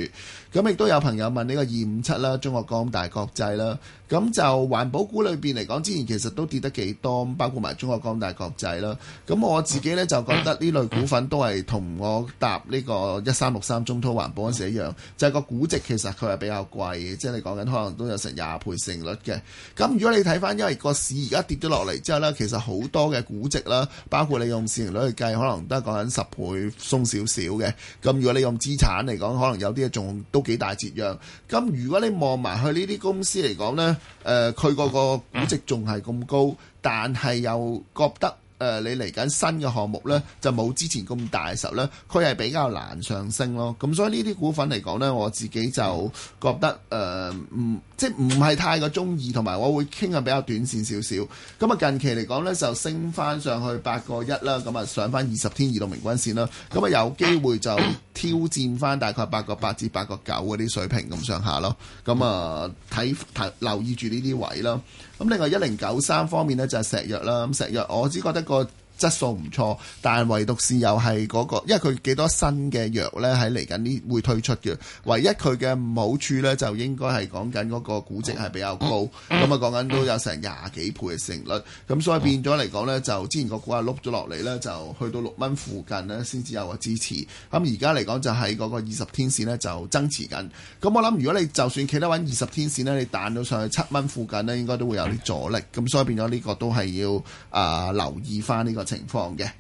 咁亦都有朋友問呢個二五七啦、中國光大國際啦。咁就環保股裏邊嚟講，之前其實都跌得幾多，包括埋中國光大國際啦。咁我自己呢，就覺得呢類股份都係同我搭呢個一三六三中滔環保嗰時一樣，就係、是、個估值其實佢係比較貴，即係你講緊可能都有成廿倍成率嘅。咁如果你睇翻，因為個市而家跌咗落嚟之後呢，其實好多嘅估值啦，包括你用市盈率去計，可能都係講緊十倍鬆少少嘅。咁如果你用資產嚟講，可能有啲仲都幾大折讓。咁如果你望埋去呢啲公司嚟講呢。誒，佢嗰、呃、個估值仲係咁高，但係又覺得誒、呃，你嚟緊新嘅項目呢，就冇之前咁大嘅時候呢，佢係比較難上升咯。咁所以呢啲股份嚟講呢，我自己就覺得誒，唔、呃。嗯即係唔係太過中意，同埋我會傾下比較短線少少。咁啊近期嚟講呢，就升翻上去八個一啦，咁啊上翻二十天移動平均線啦。咁啊有機會就挑戰翻大概八個八至八個九嗰啲水平咁上下咯。咁啊睇睇留意住呢啲位啦。咁另外一零九三方面呢，就係石藥啦。咁石藥我只覺得個質素唔錯，但係唯獨是又係嗰個，因為佢幾多新嘅藥呢喺嚟緊呢會推出嘅。唯一佢嘅唔好處呢，就應該係講緊嗰個估值係比較高，咁啊講緊都有成廿幾倍嘅成率，咁所以變咗嚟講呢，就之前個股啊碌咗落嚟呢，就去到六蚊附近呢先至有個支持。咁而家嚟講就係嗰個二十天線呢就增持緊。咁我諗如果你就算企得穩二十天線呢，你彈到上去七蚊附近呢應該都會有啲阻力。咁所以變咗呢個都係要啊、呃、留意翻、這、呢個。情況嘅，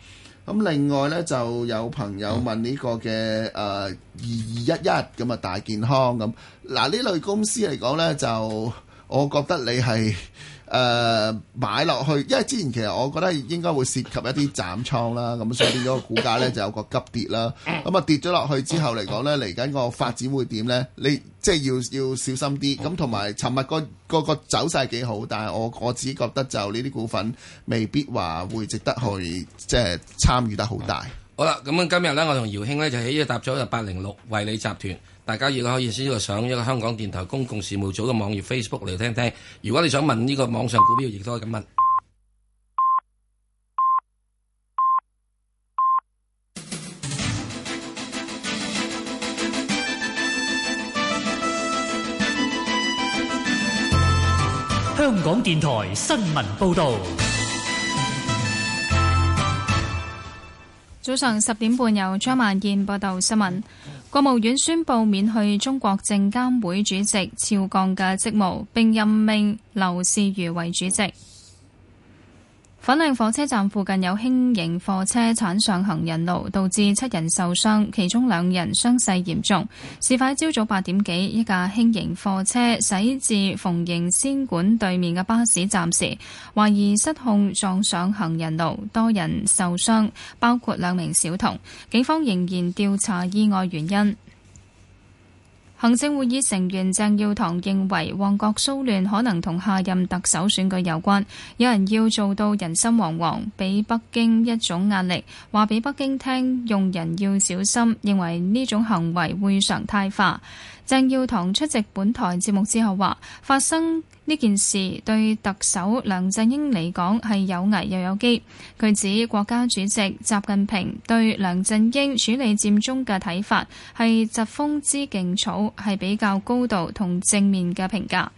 咁另外呢，就有朋友問呢個嘅誒二二一一咁咪大健康咁，嗱呢類公司嚟講呢，就，我覺得你係，誒、呃、買落去，因為之前其實我覺得應該會涉及一啲斬倉啦，咁 *laughs* 所以變咗個股價呢，就有個急跌啦。咁啊 *laughs* 跌咗落去之後嚟講呢，嚟緊個發展會點呢？你即係要要小心啲。咁同埋尋日個，個個走勢幾好，但係我我自己覺得就呢啲股份未必話會值得去即係、就是、參與得好大。嗯、好啦，咁啊今日呢，我同姚興呢就一起搭咗入八零六惠理集團。大家如果可以，先上一個香港電台公共事務組嘅網頁 Facebook 嚟聽聽。如果你想問呢個網上股票，亦都可以問。香港電台新聞報導，早上十點半由張萬健報道新聞。國務院宣佈免去中國證監會主席肖鋼嘅職務，並任命劉士余為主席。粉嶺火車站附近有輕型貨車鏟上行人路，導致七人受傷，其中兩人傷勢嚴重。事發朝早八點幾，一架輕型貨車駛至蓬瀛仙館對面嘅巴士站時，懷疑失控撞上行人路，多人受傷，包括兩名小童。警方仍然調查意外原因。行政會議成員鄭耀棠認為，旺角騷亂可能同下任特首選舉有關，有人要做到人心惶惶，俾北京一種壓力，話俾北京聽用人要小心，認為呢種行為會常態化。鄭耀棠出席本台節目之後話，發生呢件事對特首梁振英嚟講係有危又有機。佢指國家主席習近平對梁振英處理佔中嘅睇法係疾風知勁草，係比較高度同正面嘅評價。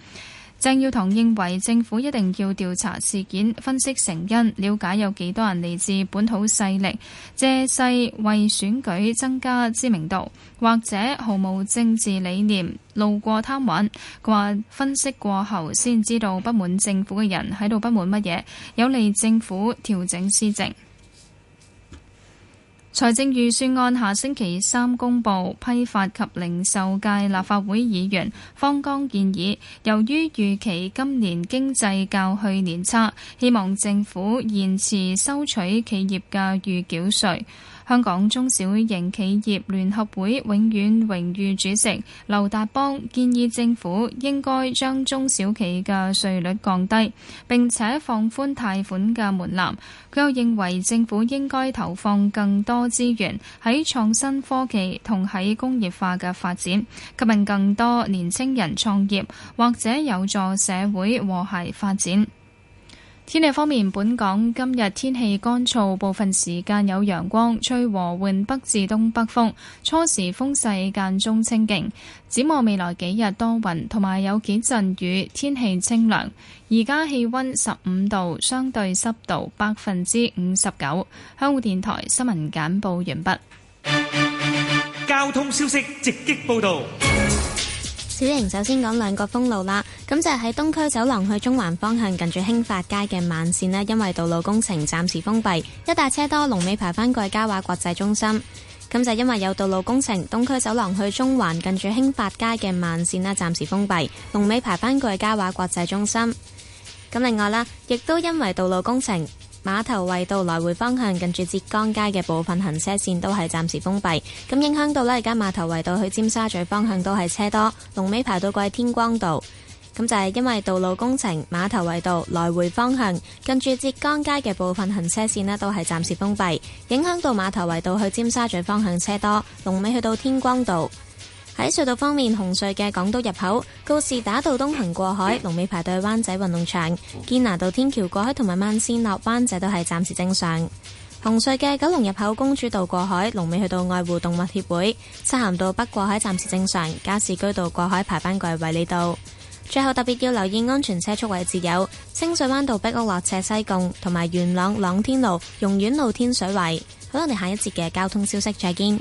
鄭耀棠認為政府一定要調查事件、分析成因、了解有幾多人嚟自本土勢力、借勢為選舉增加知名度，或者毫無政治理念、路過貪玩。佢話分析過後先知道不滿政府嘅人喺度不滿乜嘢，有利政府調整施政。財政預算案下星期三公布，批發及零售界立法會議員方剛建議，由於預期今年經濟較去年差，希望政府延遲收取企業嘅預繳稅。香港中小型企業聯合會永遠榮譽主席劉達邦建議政府應該將中小企嘅稅率降低，並且放寬貸款嘅門檻，佢又認為政府應該投放更多資源喺創新科技同喺工業化嘅發展，吸引更多年青人創業或者有助社會和諧發展。天氣方面，本港今日天氣乾燥，部分時間有陽光，吹和緩北至東北風，初時風勢間中清勁。展望未來幾日多雲同埋有幾陣雨，天氣清涼。而家氣溫十五度，相對濕度百分之五十九。香港電台新聞簡報完畢。交通消息直擊報道。小瑩首先講兩個封路啦，咁就係喺東區走廊去中環方向近住興發街嘅慢線呢，因為道路工程暫時封閉，一帶車多，龍尾排返過去嘉華國際中心。咁就因為有道路工程，東區走廊去中環近住興發街嘅慢線呢，暫時封閉，龍尾排返過去嘉華國際中心。咁另外啦，亦都因為道路工程。馬頭圍道來回方向近住浙江街嘅部分行車線都係暫時封閉，咁影響到呢而家馬頭圍道去尖沙咀方向都係車多，龍尾排到過天光道。咁就係因為道路工程，馬頭圍道來回方向近住浙江街嘅部分行車線呢都係暫時封閉，影響到馬頭圍道去尖沙咀方向車多，龍尾去到天光道。喺隧道方面，紅隧嘅港島入口、告士打道東行過海、龍尾排隊灣仔運動場、堅拿道天橋過海同埋萬仙落灣仔都係暫時正常。紅隧嘅九龍入口，公主道過海龍尾去到愛護動物協會、漆咸道北過海暫時正常。加士居道過海排班櫃位呢度。最後特別要留意安全車速位置有清水灣道碧屋落斜西貢同埋元朗朗天路、榕苑路天水圍。好，我哋下一節嘅交通消息再見。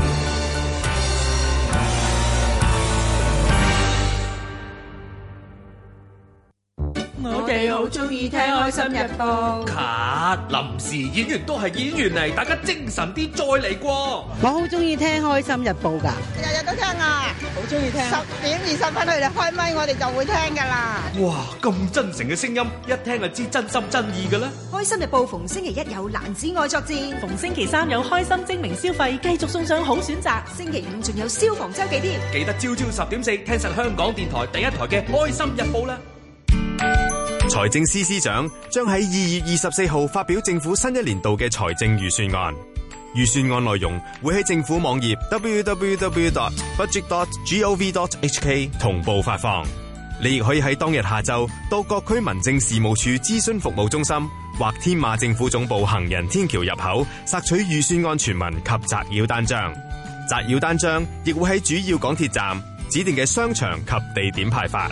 好中意聽開心日報，卡臨時演員都係演員嚟，大家精神啲再嚟過。我好中意聽開心日報噶，日日都聽啊，好中意聽。十點二十分佢哋開咪，我哋就會聽噶啦。哇，咁真誠嘅聲音，一聽就知真心真意噶啦。開心日報逢星期一有男子愛作戰，逢星期三有開心精明消費，繼續送上好選擇。星期五仲有消防周記添，記得朝朝十點四聽實香港電台第一台嘅開心日報啦。財政司司長將喺二月二十四號發表政府新一年度嘅財政預算案。預算案內容會喺政府網頁 www.budget.gov.hk 同步發放。你亦可以喺當日下晝到各區民政事務處諮詢服務中心或天馬政府總部行人天橋入口索取預算案全文及摘要單張。摘要單張亦會喺主要港鐵站指定嘅商場及地點派發。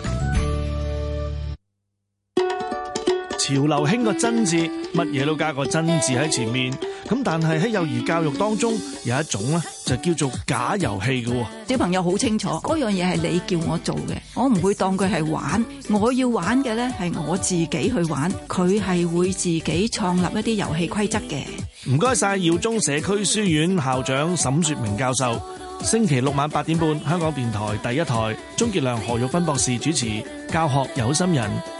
潮流興個真字，乜嘢都加個真字喺前面。咁但係喺幼兒教育當中，有一種呢就叫做假遊戲㗎喎。小朋友好清楚，嗰樣嘢係你叫我做嘅，我唔會當佢係玩，我要玩嘅呢，係我自己去玩，佢係會自己創立一啲遊戲規則嘅。唔該晒，耀中社區書院校長沈雪明教授，星期六晚八點半，香港電台第一台，鍾傑良、何玉芬博士主持，教學有心人。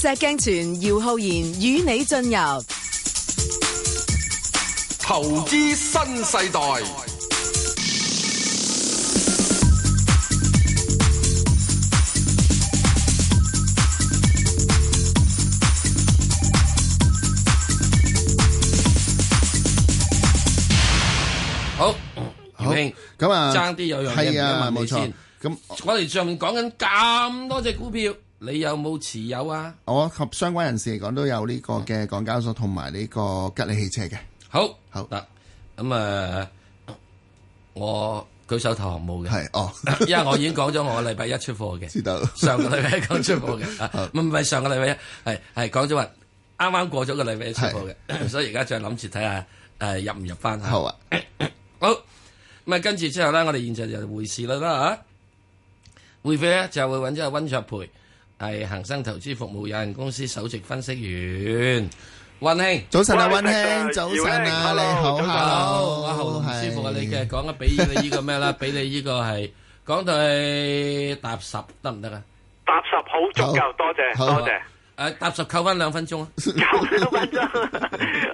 石鏡泉姚浩然與你進入投資新世代。好，姚兄，咁啊，爭啲有用嘅嘢俾你先。咁我哋上面講緊咁多隻股票。你有冇持有啊？我及相關人士嚟講都有呢個嘅港交所同埋呢個吉利汽車嘅。好，好得咁啊！我舉手投降冇嘅。係哦， *laughs* 因為我已經講咗我禮拜一出貨嘅，知道 *laughs* 上個禮拜一講出貨嘅唔係上個禮拜一係，係講咗話啱啱過咗個禮拜一出貨嘅，是 *laughs* 所以而家再諗住睇下誒入唔入翻好啊， *laughs* 好，咁啊，跟、嗯、住之後咧，我哋現在就回事啦啦啊，會費咧就會揾咗溫卓培。係恒生投資服務有限公司首席分析員溫興，早晨啊溫興，早晨啊你好，好，好舒服啊你嘅，講一俾你依個咩啦？俾你依個係講到係踏十得唔得啊？踏十好足夠，多謝，多謝。誒，踏十扣翻兩分鐘啊，扣兩分鐘，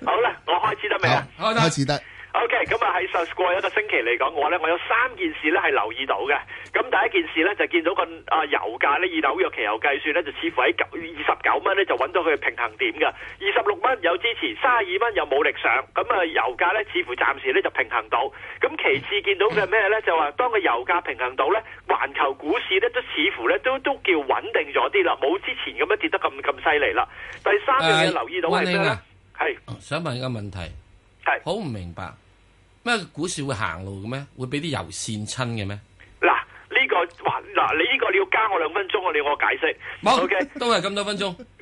好啦，我開始得未啊？開始得。O.K. 咁、嗯、啊，喺實過一個星期嚟講，我呢，我有三件事呢係留意到嘅。咁、嗯、第一件事呢，就見到個啊油價呢，以紐約期油計算呢，就似乎喺九二十九蚊呢，就揾到佢嘅平衡點嘅。二十六蚊有支持，三十二蚊又冇力上。咁、嗯、啊油價呢，似乎暫時呢就平衡到。咁、嗯、其次見到嘅咩呢？就話當個油價平衡到呢，環球股市呢，都似乎呢，都都叫穩定咗啲啦，冇之前咁樣跌得咁咁犀利啦。第三樣嘢留意到係咩呢？係、呃呃呃呃、想問一個問題，係好唔明白。咩股市會行路嘅咩？會畀啲油線親嘅咩？嗱，呢個嗱，你呢個你要加我兩分鐘，我你要我解釋。冇沒，OK，都係咁多分鐘。 *laughs*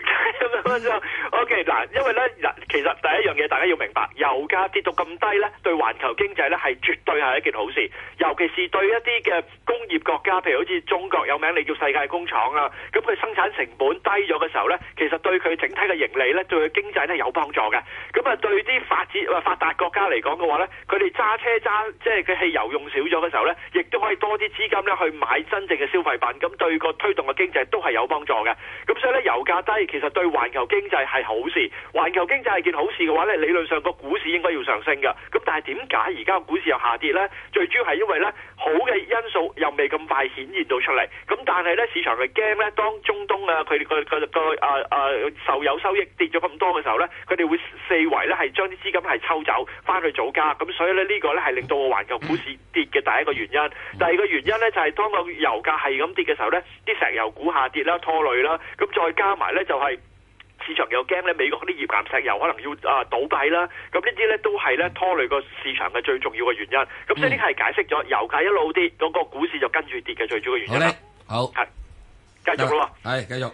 OK，嗱，因為咧，嗱，其實第一樣嘢大家要明白，油價跌到咁低咧，對環球經濟咧係絕對係一件好事，尤其是對一啲嘅工業國家，譬如好似中國有名，你叫世界工廠啊，咁佢生產成本低咗嘅時候咧，其實對佢整體嘅盈利咧，對佢經濟咧有幫助嘅。咁啊，對啲發展或發達國家嚟講嘅話咧，佢哋揸車揸即係佢汽油用少咗嘅時候咧，亦都可以多啲資金咧去買真正嘅消費品，咁對個推動嘅經濟都係有幫助嘅。咁所以咧，油價低其實。其實對環球經濟係好事，環球經濟係件好事嘅話呢，理論上個股市應該要上升嘅。咁但係點解而家個股市又下跌呢？最主要係因為呢，好嘅因素又未咁快顯現到出嚟。咁但係呢市場係驚呢，當中東啊，佢佢佢個，個，個啊啊受有收益跌咗咁多嘅時候呢，佢哋會四圍呢係將啲資金係抽走翻去祖家。咁所以呢，呢、呢個呢係令到個環球股市跌嘅第一個原因。第二個原因呢，就係、係、當個油價係咁跌嘅時候呢，啲石油股下跌啦，拖累啦。咁再加埋呢，就係、係。市場又驚咧，美國啲頁岩石油可能要啊倒閉啦，咁呢啲咧都係咧拖累個市場嘅最重要嘅原因。咁所以呢係解釋咗油價一路跌，嗰個股市就跟住跌嘅最主要嘅原因啦。好，係繼續咯，係繼續。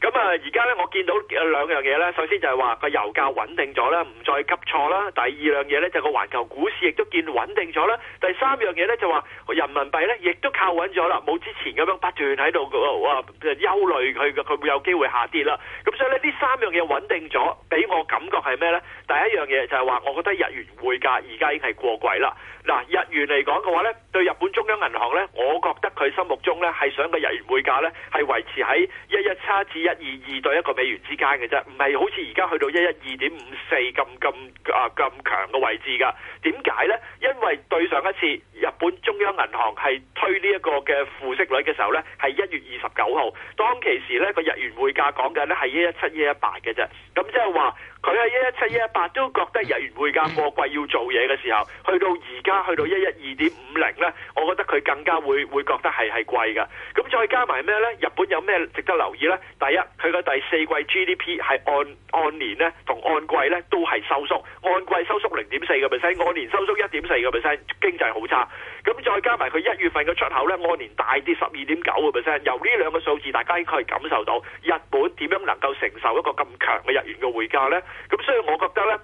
咁啊，而家咧，我見到兩樣嘢咧。首先就係話個油價穩定咗啦，唔再急錯啦。第二樣嘢咧，就個環球股市亦都見穩定咗啦。第三樣嘢咧，就話人民幣咧，亦都靠穩咗啦，冇之前咁樣不斷喺度哇憂慮佢嘅，佢會有機會下跌啦。咁所以呢，呢三樣嘢穩定咗，俾我感覺係咩咧？第一樣嘢就係話，我覺得日元匯價而家已經係過貴啦。嗱，日元嚟講嘅話咧，對日本中央銀行咧，我覺得佢心目中咧係想個日元匯價咧係維持喺一一差至，一二二對一個美元之間嘅啫，唔係好似而家去到一一二點五四咁咁啊咁強嘅位置㗎。點解呢？因為對上一次日本中央銀行係推呢一個嘅負息率嘅時候呢，係一月二十九號，當其時呢個日元匯價講嘅呢係一一七、一一八嘅啫，咁即係話，佢喺一一七、一一八都覺得日元匯價過貴要做嘢嘅時候，去到而家去到一一二點五零呢，我覺得佢更加會會覺得係係貴嘅。咁再加埋咩呢？日本有咩值得留意呢？第一，佢嘅第四季 GDP 係按按年呢，同按季呢都係收縮，按季收縮零點四個 percent，按年收縮一點四個 percent，經濟好差。咁再加埋佢一月份嘅出口呢，按年大跌十二點九個 percent。由呢兩個數字，大家應該係感受到日本點樣能夠承受一個咁強嘅日元嘅匯價呢。咁所以，我覺得咧。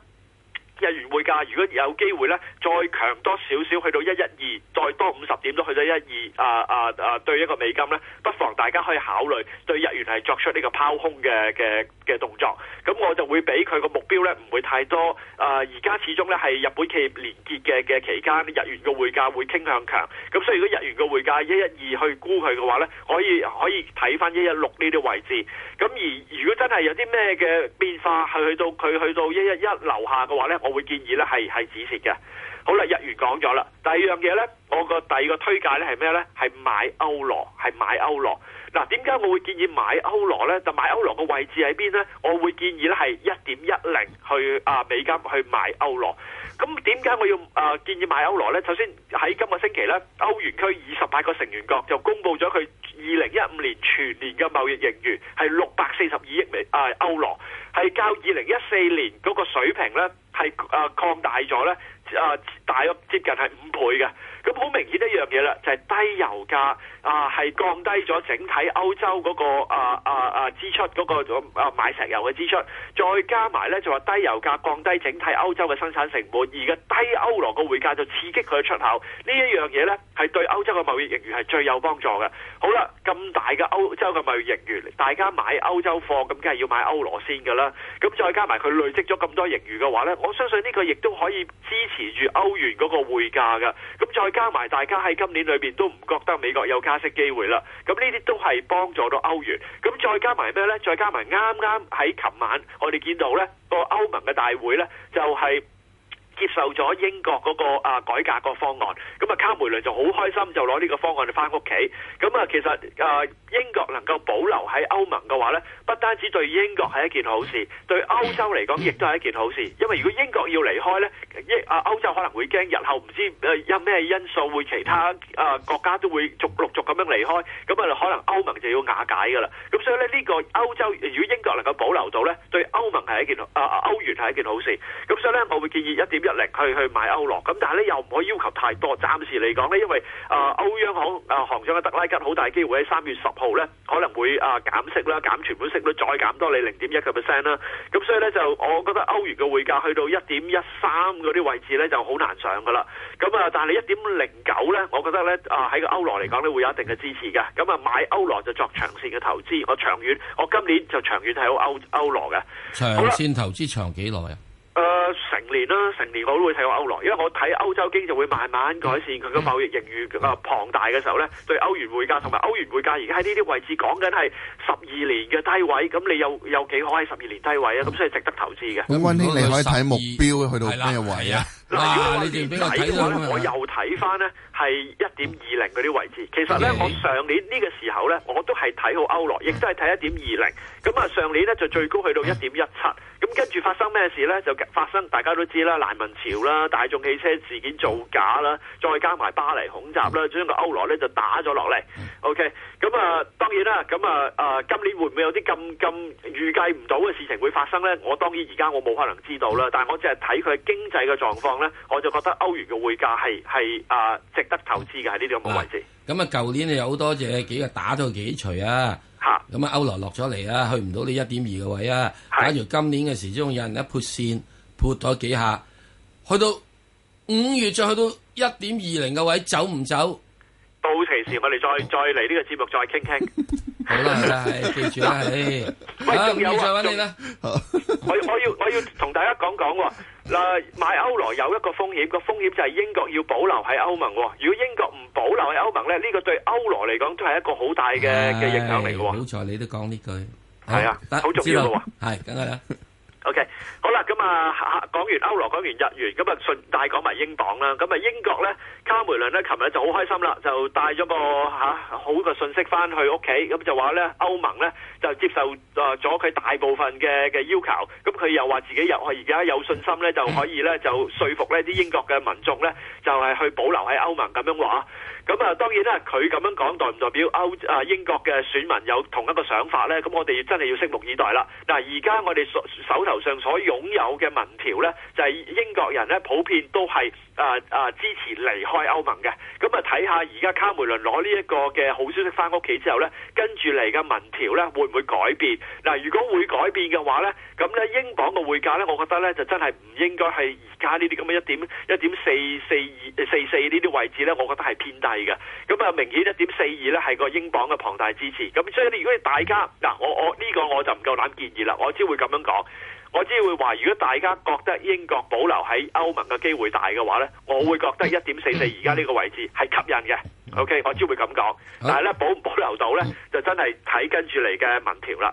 日元匯價如果有機會呢，再強多少少去到一一二，再多五十點都去到一一二啊啊啊！對一個美金呢，不妨大家可以考慮對日元係作出呢個拋空嘅嘅嘅動作。咁我就會俾佢個目標呢，唔會太多。啊、呃，而家始終呢係日本企業連結嘅嘅期間，日元個匯價會傾向強。咁所以如果日元個匯價一一二去估佢嘅話呢，可以可以睇翻一一六呢啲位置。咁而如果真係有啲咩嘅變化係去到佢去到一一一樓下嘅話呢。我我會建議咧係，係止蝕嘅。好啦，日元講咗啦。第二樣嘢咧，我個第二個推介咧係咩咧？係買歐羅，係買歐羅。嗱、啊，點解我會建議買歐羅咧？就買歐羅個位置喺邊咧？我會建議咧係一點一零去啊美金去買歐羅。咁點解我要啊建議買歐羅呢？首先喺今個星期呢，歐元區二十八個成員國就公布咗佢二零一五年全年嘅貿易盈餘係六百四十二億美啊歐羅，係較二零一四年嗰個水平呢係啊擴大咗呢啊大約接近係五倍嘅。咁好明顯一樣嘢啦，就係、是、低油價啊，係降低咗整體歐洲嗰、那個啊啊啊支出嗰、那個啊買石油嘅支出，再加埋咧就話低油價降低整體歐洲嘅生產成本，而嘅低歐羅嘅匯價就刺激佢出口，一呢一樣嘢咧係對歐洲嘅貿易盈餘係最有幫助嘅。好啦，咁大嘅歐洲嘅貿易盈餘，大家買歐洲貨咁，梗係要買歐羅先㗎啦。咁再加埋佢累積咗咁多盈餘嘅話咧，我相信呢個亦都可以支持住歐元嗰個匯價㗎。咁再。加埋大家喺今年裏邊都唔覺得美國有加息機會啦，咁呢啲都係幫助到歐元。咁再加埋咩咧？再加埋啱啱喺琴晚我哋見到咧個歐盟嘅大會咧，就係，就係。接受咗英國嗰個啊改革嗰方案，咁啊卡梅倫就好開心就攞呢個方案嚟返屋企。咁啊其實啊英國能夠保留喺歐盟嘅話呢，不單止對英國係一件好事，對歐洲嚟講亦都係一件好事。因為如果英國要離開呢，啊歐洲可能會驚日後唔知有咩因素會其他啊國家都會續陸續咁樣離開，咁啊可能歐盟就要瓦解㗎喇。咁所以呢，呢、呢個歐洲如果英國能夠保留到呢，對歐盟係一件啊歐元係一件好事。咁所以呢，我會建議一點。一零去去買歐羅咁，但係咧又唔可以要求太多。暫時嚟講咧，因為、呃、歐啊，歐央行啊行長嘅德拉吉好大機會喺三月十號咧，可能會啊減、呃、息，減全息減啦，減存款息率再減多你零點一個 percent 啦。咁所以咧就我覺得歐元嘅匯價去到一點一三嗰啲位置咧就好難上噶啦。咁啊，但係一點零九咧，我覺得咧啊喺個歐羅嚟講咧會有一定嘅支持嘅。咁啊，買歐羅就作長線嘅投資。我長遠，我今年就長遠睇好歐歐羅嘅。長線投資長幾耐啊？誒，uh, 成年啦，成年我都會睇過歐羅，因為我睇歐洲經濟會慢慢改善，佢個貿易盈餘啊、呃、龐大嘅時候咧，對歐元匯價同埋歐元匯價而家喺呢啲位置講緊係十二年嘅低位，咁你有有幾可喺十二年低位啊？咁所以值得投資嘅。咁溫添，你可以睇目標去到咩位啊？嗯嗯嗯嗯嗯嗯嗯如果、啊、我底嘅話咧，我又睇翻呢係一點二零嗰啲位置。其實呢，我上年呢個時候呢，我都係睇好歐羅，亦都係睇一點二零。咁啊，上年呢就最高去到一點一七。咁跟住發生咩事呢？就發生大家都知啦，難民潮啦，大眾汽車事件造假啦，再加埋巴黎恐襲啦，將個歐羅呢就打咗落嚟。OK，咁啊、呃，當然啦，咁啊啊，今年會唔會有啲咁咁預計唔到嘅事情會發生呢？我當然而家我冇可能知道啦。但係我只係睇佢經濟嘅狀況。我就覺得歐元嘅匯價係係啊值得投資嘅，喺呢度咁嘅位置。咁啊、嗯，舊、嗯嗯、年你有好多隻幾個打咗幾錘啊，吓咁啊，歐羅落咗嚟啊，去唔到呢一點二嘅位啊，是假如今年嘅時鐘有人一潑線潑咗幾下，去到五月再去到一點二零嘅位走唔走？到期時我哋再再嚟呢個節目再傾傾。好啦，好啦，記住啦，喂，仲有再仲有，我要我要我要同大家講講喎。哦嗱，買歐羅有一個風險，個風險就係英國要保留喺歐盟。如果英國唔保留喺歐盟咧，呢、呢個對歐羅嚟講都係一個好大嘅嘅影響嚟嘅喎。哎、好彩你都講呢句，係、哎、啊，好行重要啊，係道，梗係啊。OK，好啦，咁啊，講完歐羅，講完日元，咁啊順帶講埋英鎊啦。咁啊，英國咧，卡梅倫咧，琴日就好開心啦，就帶咗個吓、啊、好嘅信息翻去屋企，咁就話咧，歐盟咧就接受啊咗佢大部分嘅嘅要求，咁佢又話自己又可以而家有信心咧，就可以咧就說服呢啲英國嘅民眾咧，就係、是、去保留喺歐盟咁樣話。咁啊，當然啦，佢咁樣講代唔代表歐啊英國嘅選民有同一個想法咧？咁我哋真係要拭目以待啦。嗱，而家我哋所手頭上所擁有嘅民調咧，就係英國人咧普遍都係。啊啊！支持離開歐盟嘅，咁啊睇下而家卡梅倫攞呢一個嘅好消息翻屋企之後呢，跟住嚟嘅民調呢會唔會改變？嗱、啊，如果會改變嘅話呢，咁呢英鎊嘅匯價呢，我覺得呢就真係唔應該係而家呢啲咁嘅一點一點四四二四四呢啲位置呢，我覺得係偏低嘅。咁、嗯、啊明顯一點四二呢係個英鎊嘅龐大支持。咁、嗯、所以你，如果你大家嗱、啊，我我呢、呢個我就唔夠膽建議啦，我只會咁樣講。我只會話，如果大家覺得英國保留喺歐盟嘅機會大嘅話呢，我會覺得一點四四而家呢個位置係吸引嘅。OK，我只會咁講，但係呢保唔保留到呢，就真係睇跟住嚟嘅民調啦。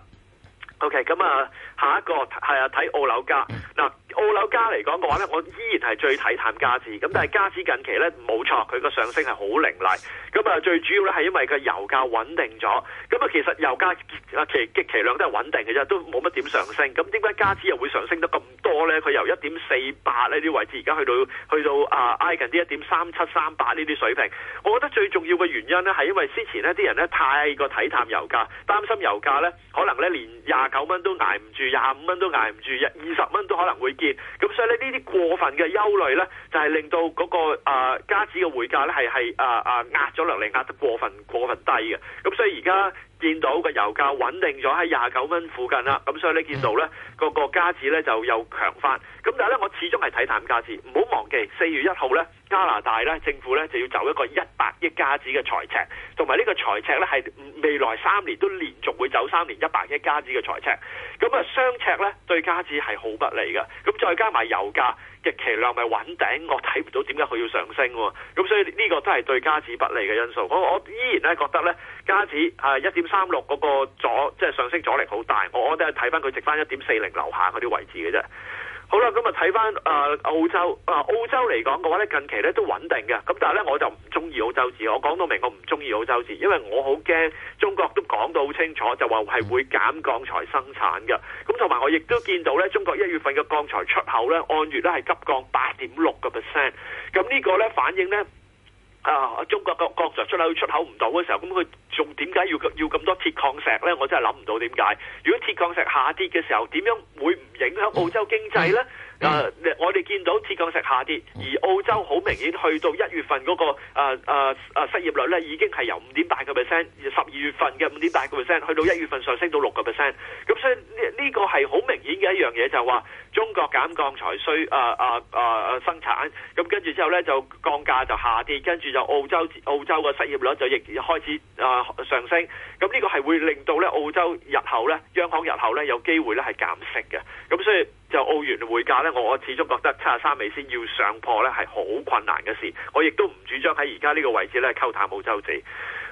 O.K. 咁、嗯、啊，下一個係啊，睇澳紐加嗱、嗯，澳紐加嚟講嘅話呢，我依然係最睇淡加紙咁，但係加紙近期呢，冇錯，佢個上升係好凌厲。咁、嗯、啊，最主要呢係因為佢油價穩定咗。咁、嗯、啊，其實油價其極其，其，其量都係穩定嘅啫，都冇乜點上升。咁點解加紙又會上升得咁多呢？佢由一點四八呢啲位置而家去到去到啊，挨近啲一點三七三八呢啲水平。我覺得最重要嘅原因呢，係因為之前呢啲人呢，太過睇淡油價，擔心油價呢，可能呢連廿九蚊都挨唔住，廿五蚊都挨唔住，二十蚊都可能會跌。咁所以咧，呢啲過分嘅憂慮咧，就係、是、令到嗰、嗰個誒加子嘅匯價咧，係係誒誒壓咗落嚟，壓得過分過分低嘅。咁所以而家。見到個油價穩定咗喺廿九蚊附近啦，咁所以你見到呢個、個加紙呢，就又強返，咁但係呢，我始終係睇淡加紙，唔好忘記四月一號呢，加拿大呢政府呢就要走一個一百億加紙嘅財赤，同埋呢個財赤呢係未來三年都連續會走三年一百億加紙嘅財赤，咁啊雙赤呢對加紙係好不利嘅，咁再加埋油價。極其量咪穩定，我睇唔到點解佢要上升喎、啊，咁所以呢個都係對加紙不利嘅因素。我我依然咧覺得咧，加紙啊一點三六嗰個阻，即、就、係、是、上升阻力好大。我我都係睇翻佢值翻一點四零樓下嗰啲位置嘅啫。好啦，咁啊睇翻誒澳洲，誒、呃、澳洲嚟講嘅話咧，近期咧都穩定嘅，咁但係咧我就唔中意澳洲字，我講到明，我唔中意澳洲字，因為我好驚中國都講到好清楚，就話係會減鋼材生產嘅，咁同埋我亦都見到咧，中國一月份嘅鋼材出口咧按月咧係急降八點六個 percent，咁呢個咧反應咧。啊！中國國國就出口出口唔到嘅時候，咁佢仲點解要要咁多鐵礦石咧？我真係諗唔到點解。如果鐵礦石下跌嘅時候，點樣會唔影響澳洲經濟咧？誒，uh, mm. 我哋見到鐵礦石下跌，而澳洲好明顯去到一月份嗰，那個誒誒誒失業率咧，已經係由五點八個 percent，十二月份嘅五點八個 percent，去到一月份上升到六個 percent。咁所以呢呢，這個係好明顯嘅一樣嘢，就話，是，中國減鋼材需，誒誒誒生產，咁跟住之後咧就鋼價就下跌，跟住就澳洲澳洲嘅失業率就亦開始誒、uh, 上升。咁呢個係會令到咧澳洲日後咧央行日後咧有機會咧係減息嘅。咁所以。就澳元匯價呢我始終覺得七十三美先要上破呢，係好困難嘅事。我亦都唔主張喺而家呢個位置呢，溝淡冇週子。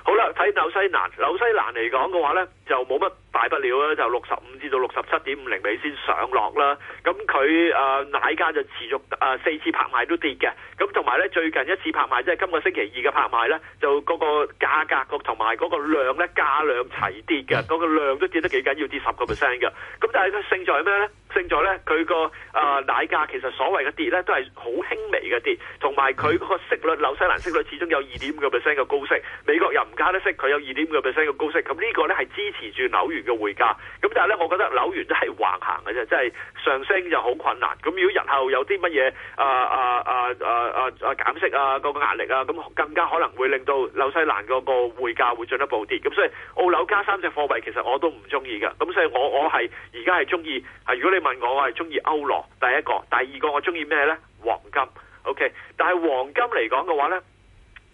好啦，睇紐西蘭，紐西蘭嚟講嘅話呢就冇乜。大不了咧，就六十五至到六十七點五零美先上落啦。咁佢誒奶價就持續誒、呃、四次拍賣都跌嘅。咁同埋咧，最近一次拍賣即係今個星期二嘅拍賣咧，就嗰個價格同埋嗰個量咧，價量齊跌嘅。嗰、嗰個量都跌得幾緊要，跌十個 percent 嘅。咁但係咧，勝在係咩咧？勝在咧，佢個誒奶價其實所謂嘅跌咧，都係好輕微嘅跌。同埋佢個息率紐西蘭息率始終有二點五個 percent 嘅高息，美國又唔加得息，佢有二點五個 percent 嘅高息。咁呢個咧係支持住紐元嘅匯價，咁但係咧，我覺得紐元都係橫行嘅啫，即係上升就好困難。咁如果日後有啲乜嘢啊啊啊啊啊啊減息啊，嗰個壓力啊，咁更加可能會令到紐西蘭嗰個匯價會進一步跌。咁所以澳紐加三隻貨幣其實我都唔中意嘅。咁所以我我係而家係中意係。如果你問我，我係中意歐羅第一個，第二個我中意咩咧？黃金。OK，但係黃金嚟講嘅話咧。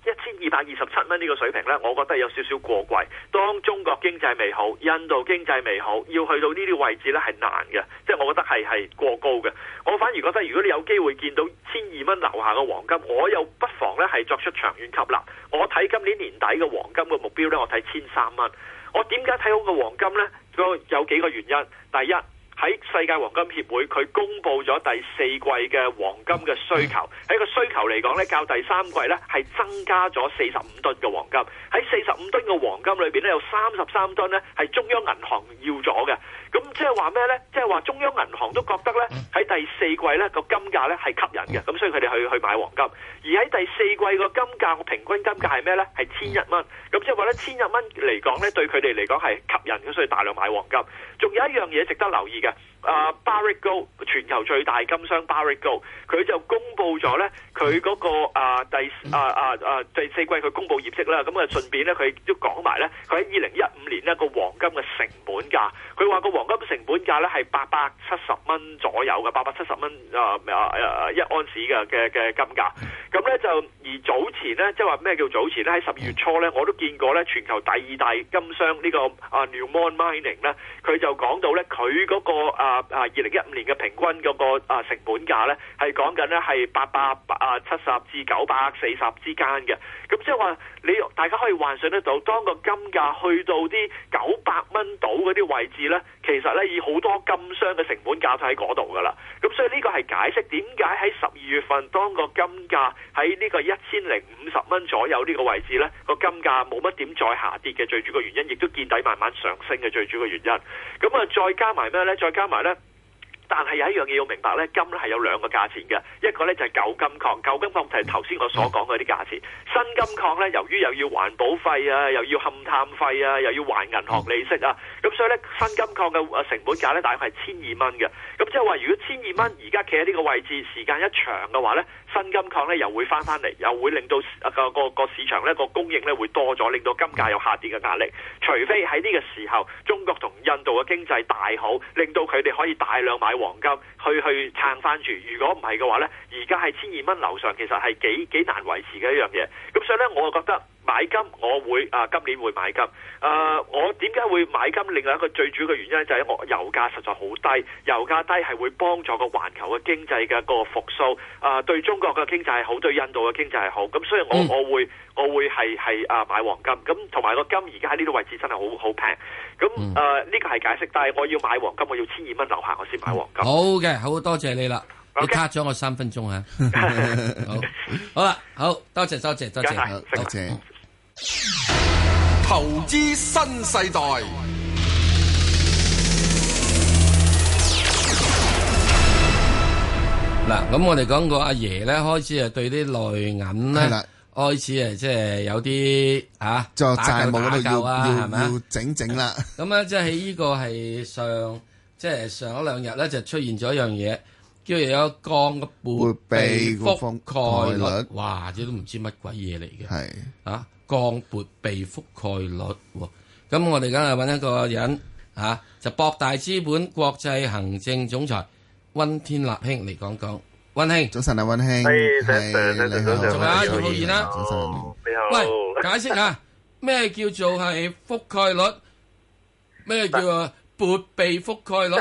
一千二百二十七蚊呢個水平呢，我覺得有少少過貴。當中國經濟未好，印度經濟未好，要去到呢啲位置呢係難嘅，即係我覺得係係過高嘅。我反而覺得如果你有機會見到千二蚊樓下嘅黃金，我又不妨呢係作出長遠吸納。我睇今年年底嘅黃金嘅目標呢，我睇千三蚊。我點解睇好個黃金呢？有有幾個原因，第一。喺世界黃金協會，佢公佈咗第四季嘅黃金嘅需求。喺個需求嚟講咧，較第三季咧係增加咗四十五噸嘅黃金。喺四十五噸嘅黃金裏邊咧，有三十三噸咧係中央銀行要咗嘅。咁即係話咩呢？即係話中央銀行都覺得呢，喺第四季呢個金價呢係吸引嘅，咁所以佢哋去去買黃金。而喺第四季個金價，個平均金價係咩呢？係千一蚊。咁即係話呢，千一蚊嚟講呢，對佢哋嚟講係吸引，咁所以大量買黃金。仲有一樣嘢值得留意嘅、啊、，Barrick Gold 全球最大金商 Barrick Gold，佢就公佈咗呢，佢嗰、那個啊第啊啊啊第四季佢公佈業績啦。咁啊順便呢，佢都講埋呢，佢喺二零一五年呢個黃金嘅成本價，佢話個黃金成本價咧係八百七十蚊左右嘅，八百七十蚊啊啊一盎司嘅嘅嘅金價。咁咧就而早前咧，即係話咩叫早前咧？喺十二月初咧，我都見過咧，全球第二大金商、呢個啊、呢、呢、嗰個啊 Newmont Mining 咧，佢就講到咧，佢嗰個啊啊二零一五年嘅平均嗰、嗰個啊成本價咧，係講緊咧係八百啊七十至九百四十之間嘅。咁即係話你大家可以幻想得到，當個金價去到啲九百蚊到嗰啲位置咧，其實咧，以好多金商嘅成本價都喺嗰度噶啦，咁所以呢個係解釋點解喺十二月份當個金價喺呢個一千零五十蚊左右呢個位置呢，個金價冇乜點再下跌嘅最主要原因，亦都見底慢慢上升嘅最主要原因。咁啊，再加埋咩呢？再加埋呢。但係有一樣嘢要明白呢，金呢係有兩個價錢嘅，一個呢就係舊金礦，舊金礦就係頭先我所講嗰啲價錢，新金礦呢，由於又要環保費啊，又要勘探費啊，又要還銀行利息啊，咁所以呢，新金礦嘅成本價呢，大概係千二蚊嘅，咁即係話如果千二蚊而家企喺呢個位置，時間一長嘅話呢。新金礦咧又會翻返嚟，又會令到、啊、個個市場咧個供應咧會多咗，令到金價有下跌嘅壓力。除非喺呢個時候，中國同印度嘅經濟大好，令到佢哋可以大量買黃金去去撐翻住。如果唔係嘅話咧，而家係千二蚊樓上，其實係幾幾難維持嘅一樣嘢。咁所以咧，我就覺得。買金我會啊，今年會買金。誒、呃，我點解會買金？另外一個最主要嘅原因就係我油價實在好低，油價低係會幫助個環球嘅經濟嘅個復甦。啊、呃，對中國嘅經濟係好，對印度嘅經濟係好。咁所以我、嗯、我會我會係係啊買黃金。咁同埋個金而家喺呢個位置真係好好平。咁誒呢個係解釋，但係我要買黃金，我要千二蚊樓下我先買黃金。好嘅、嗯，好，好多謝你啦。Okay. 你卡咗我三分鐘啊。 *laughs* 好好啦，好多謝多謝多謝，多謝。多謝多謝投資新世代嗱，咁我哋講過阿爺咧，開始啊對啲內銀咧，開始啊即係有啲啊，就債務嗰度要整整啦。咁咧即係呢個係上，即、就、係、是、上一兩日咧就出現咗一樣嘢，叫做有一個降嘅撥備，覆蓋率，哇！即係都唔知乜鬼嘢嚟嘅，係是啊。降撥備覆蓋率，咁我哋梗係揾一個人啊，就博大資本國際行政總裁温天立兄嚟講講。温兄，早晨啊，温兄，你好，仲有阿姚浩然啦，你好，喂，解釋下咩叫做係覆蓋率，咩叫做撥備覆蓋率？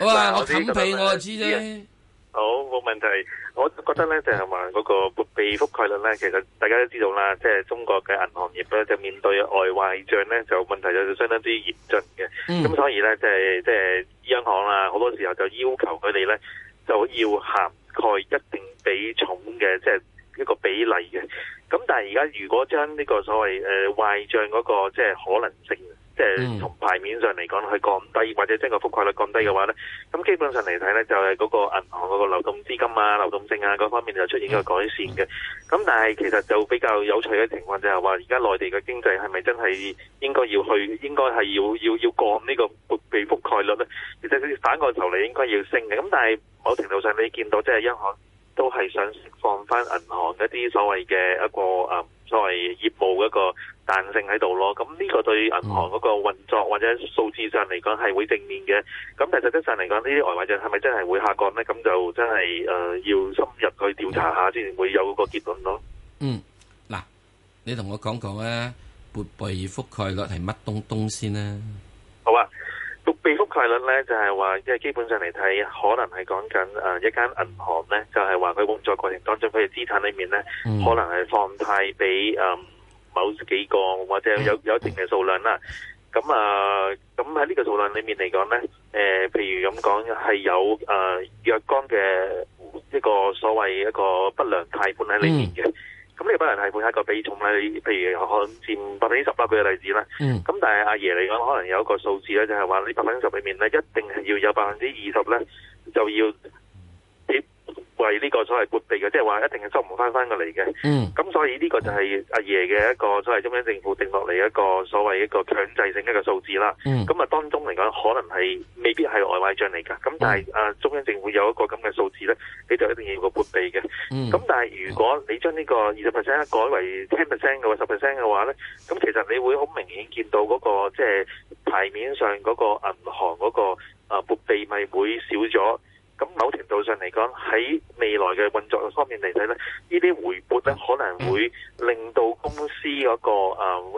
我話我冚被我就知啫，好，冇問題。我覺得咧就係話嗰個撥備覆蓋率咧，其實大家都知道啦，即係中國嘅銀行業咧就面對外壞賬咧就問題就相當之嚴峻嘅，咁所以咧即係即係央行啦，好多時候就要求佢哋咧就要涵蓋一定比重嘅即係一個比例嘅。咁但係而家如果將呢個所謂誒壞賬嗰個即係可能性，即係從牌面上嚟講去降低，或者將個覆蓋率降低嘅話咧，咁基本上嚟睇咧就係嗰個銀行嗰個流動資金啊、流動性啊嗰方面就出現一個改善嘅。咁、嗯嗯、但係其實就比較有趣嘅情況就係話，而家內地嘅經濟係咪真係應該要去，應該係要要要降呢個撥備覆蓋率咧？其實佢反過頭嚟應該要升嘅。咁但係某程度上你見到即係央行。都係想釋放翻銀行一啲所謂嘅一個誒、嗯，所謂業務一個彈性喺度咯。咁呢個對銀行嗰個運作或者數字上嚟講係會正面嘅。咁但係實質上嚟講，呢啲外匯就係咪真係會下降呢？咁就真係誒、呃，要深入去調查下先會有個結論咯。嗯，嗱，你同我講講咧，撥備覆蓋率係乜東東先咧？好啊。備覆蓋率咧，就係話即係基本上嚟睇，可能係講緊誒一間銀行咧，就係話佢工作過程當中，佢嘅資產裏面咧，可能係放貸俾誒某幾個或者有有一定嘅數量啦。咁啊，咁、呃、喺呢個數量裏面嚟講咧，誒、呃、譬如咁講係有誒若、呃、干嘅一、這個所謂一個不良貸款喺裏面嘅。嗯。咁你本人係會係一個比重咧，譬如可能佔百分之十啦，舉個例子啦。嗯。咁但係阿爺嚟講，可能有一個數字咧，就係話呢百分之十裡面咧，一定係要有百分之二十咧，就要。為呢個所謂撥備嘅，即係話一定係收唔翻翻過嚟嘅。嗯，咁所以呢個就係阿爺嘅一個所謂中央政府定落嚟一個所謂一個強制性一個數字啦。嗯，咁啊當中嚟講，可能係未必係外壞賬嚟噶。咁但係啊、嗯、中央政府有一個咁嘅數字咧，你就一定要個撥備嘅。嗯，咁但係如果你將呢個二十 percent 改為 ten percent 嘅話，十 percent 嘅話咧，咁其實你會好明顯見到嗰、那個即係、就是、牌面上嗰個銀行嗰個啊撥備咪會少咗。咁某程度上嚟講，喺未來嘅運作方面嚟睇咧，呢啲回撥咧可能會令到公司嗰、那個誒、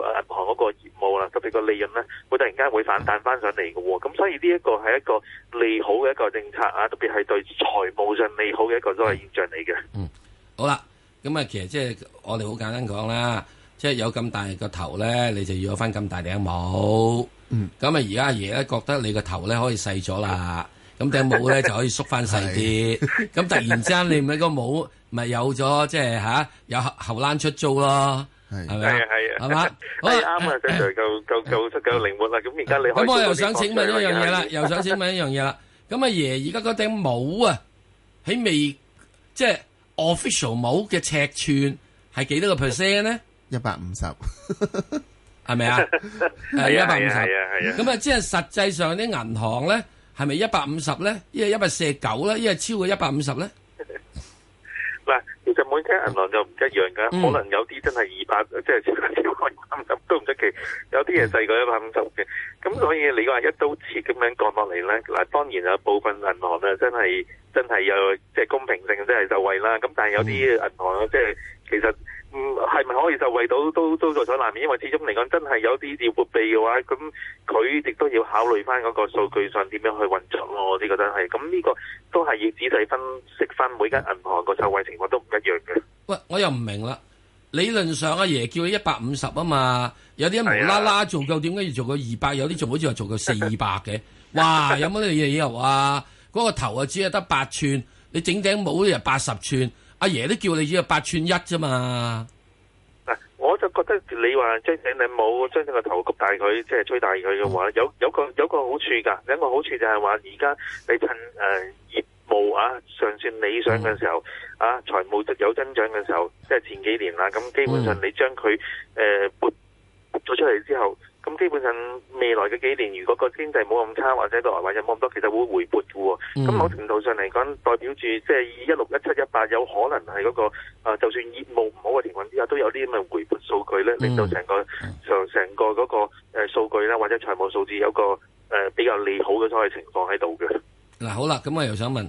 呃、銀行嗰個業務啦，特別個利潤咧，會突然間會反彈翻上嚟嘅。咁所以呢一個係一個利好嘅一個政策啊，特別係對財務上利好嘅一個所謂現象嚟嘅。嗯，好啦，咁啊，其實即係我哋好簡單講啦，即、就、係、是、有咁大個頭咧，你就要有翻咁大頂帽。嗯，咁啊，而家阿爺咧覺得你個頭咧可以細咗啦。嗯咁頂帽咧就可以縮翻細啲，咁突然之間你唔係個帽咪有咗即係吓有後後欄出租咯，係咪啊？係啊，係啊，係嘛？好啱啊，Sir 夠夠夠就夠靈活啦，咁而家你咁我又想請問一樣嘢啦，又想請問一樣嘢啦。咁阿爺，而家嗰頂帽啊，喺未即係 official 帽嘅尺寸係幾多個 percent 咧？一百五十，係咪啊？係一百五十。係啊係啊。咁啊，即係實際上啲銀行咧。係咪一百五十咧？一係一百四十九咧？一係超過一百五十咧？嗱，其實每間銀行就唔一樣噶，嗯、可能有啲真係二百，即係超過一百五十，都唔出奇。有啲嘢細過一百五十嘅，咁、嗯、所以你話一刀切咁樣降落嚟咧，嗱，當然有部分銀行啊，真係真係有即係、就是、公平性真係受惠啦。咁但係有啲銀行啊，即係其實。係咪可以受惠到都都在所難免？因為始終嚟講，真係有啲要撥備嘅話，咁佢亦都要考慮翻嗰個數據上點樣去運作咯。我覺得係咁呢個都係要仔細分析翻每間銀行個受惠情況都唔一樣嘅。喂，我又唔明啦。理論上阿爺叫你一百五十啊嘛，有啲無啦啦做夠點解要做夠二百？有啲仲好似話做夠四百嘅哇，有乜嘢嘢又啊？嗰、那個頭啊，只係得八寸，你整頂帽又八十寸，阿爺都叫你只係八寸一啫嘛。我就覺得你話即係你冇將呢個頭谷大佢，即係吹大佢嘅話，有有個有個好處㗎，有個好處就係話而家你趁誒、呃、業務啊尚算理想嘅時候，嗯、啊財務有增長嘅時候，即係前幾年啦，咁基本上你將佢誒撥撥咗出嚟之後。咁基本上未來嘅幾年，如果個經濟冇咁差，或者個外匯入冇咁多，其實會回撥嘅喎。咁某、嗯、程度上嚟講，代表住即係二一六一七一八有可能係嗰、那個就算業務唔好嘅情況之下，都有啲咁嘅回撥數據咧，令到成個上成個嗰個誒數據咧，或者財務數字有個誒比較利好嘅所謂情況喺度嘅。嗱、嗯嗯嗯嗯啊、好啦，咁我又想問，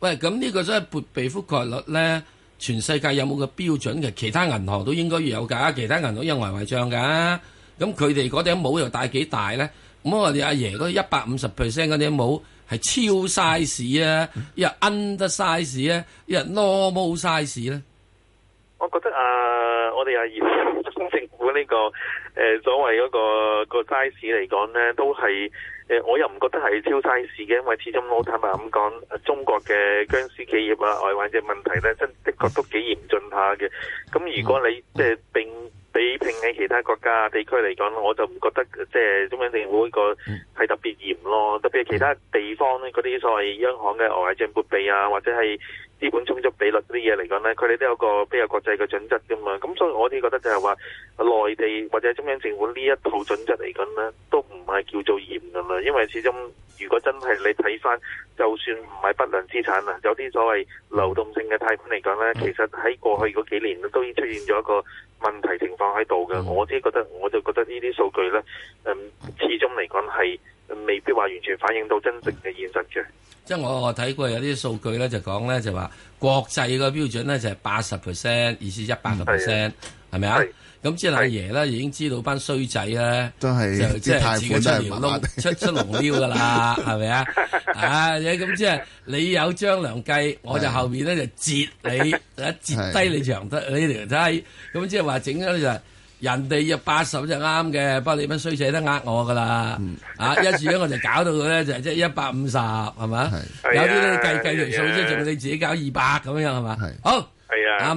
喂，咁呢個所謂撥備覆蓋率咧，全世界有冇個標準嘅？其他銀行都應該要有㗎，其他銀行有外匯帳㗎。咁佢哋嗰頂帽又大幾大咧？咁我哋阿爺嗰一百五十 percent 嗰頂帽係超 size 啊！一係奀得 size 啊，一係 normal size 咧。我覺得啊，我哋阿爺新政府呢、這個誒所謂嗰個 size 嚟講咧，都係誒、呃，我又唔覺得係超 size 嘅，因為始終我坦白咁講，中國嘅僵屍企業啊、外環嘅問題咧，真的確都幾嚴峻下嘅。咁如果你、嗯、即係並比拼喺其他國家地區嚟講，我就唔覺得即係中央政府呢個係特別嚴咯，嗯、特別係其他地方咧嗰啲所謂央行嘅外匯正撥備啊，或者係資本充足比率啲嘢嚟講呢，佢哋都有個比較國際嘅準則噶嘛。咁所以我哋覺得就係話，內地或者中央政府呢一套準則嚟講呢都唔係叫做嚴噶嘛。因為始終如果真係你睇返，就算唔係不良資產啊，有啲所謂流動性嘅貸款嚟講呢，其實喺過去嗰幾年都已經出現咗一個問題情況喺度嘅。Mm hmm. 我自己覺得，我就覺得呢啲數據呢，嗯，始終嚟講係。未必話完全反映到真正嘅現實嘅，即係我我睇過有啲數據咧就講咧就話國際個標準咧就係八十 percent，意思一百個 percent 係咪啊？咁即係阿爺咧已經知道班衰仔咧，就即係自己出條出出龍腰噶啦，係咪啊？啊，咁即係你有張良計，我就後邊咧就截你，一截低你長得的你條梯，咁即係話整咗就是。人哋要八十就啱嘅，不過你乜衰仔都呃我噶啦，嗯、啊，一住咧我就搞到佢咧 *laughs* 就即係一百五十，係嘛是？有啲咧計計條數即係仲要你自己搞二百咁樣，係嘛是？好，係、哎、呀啊。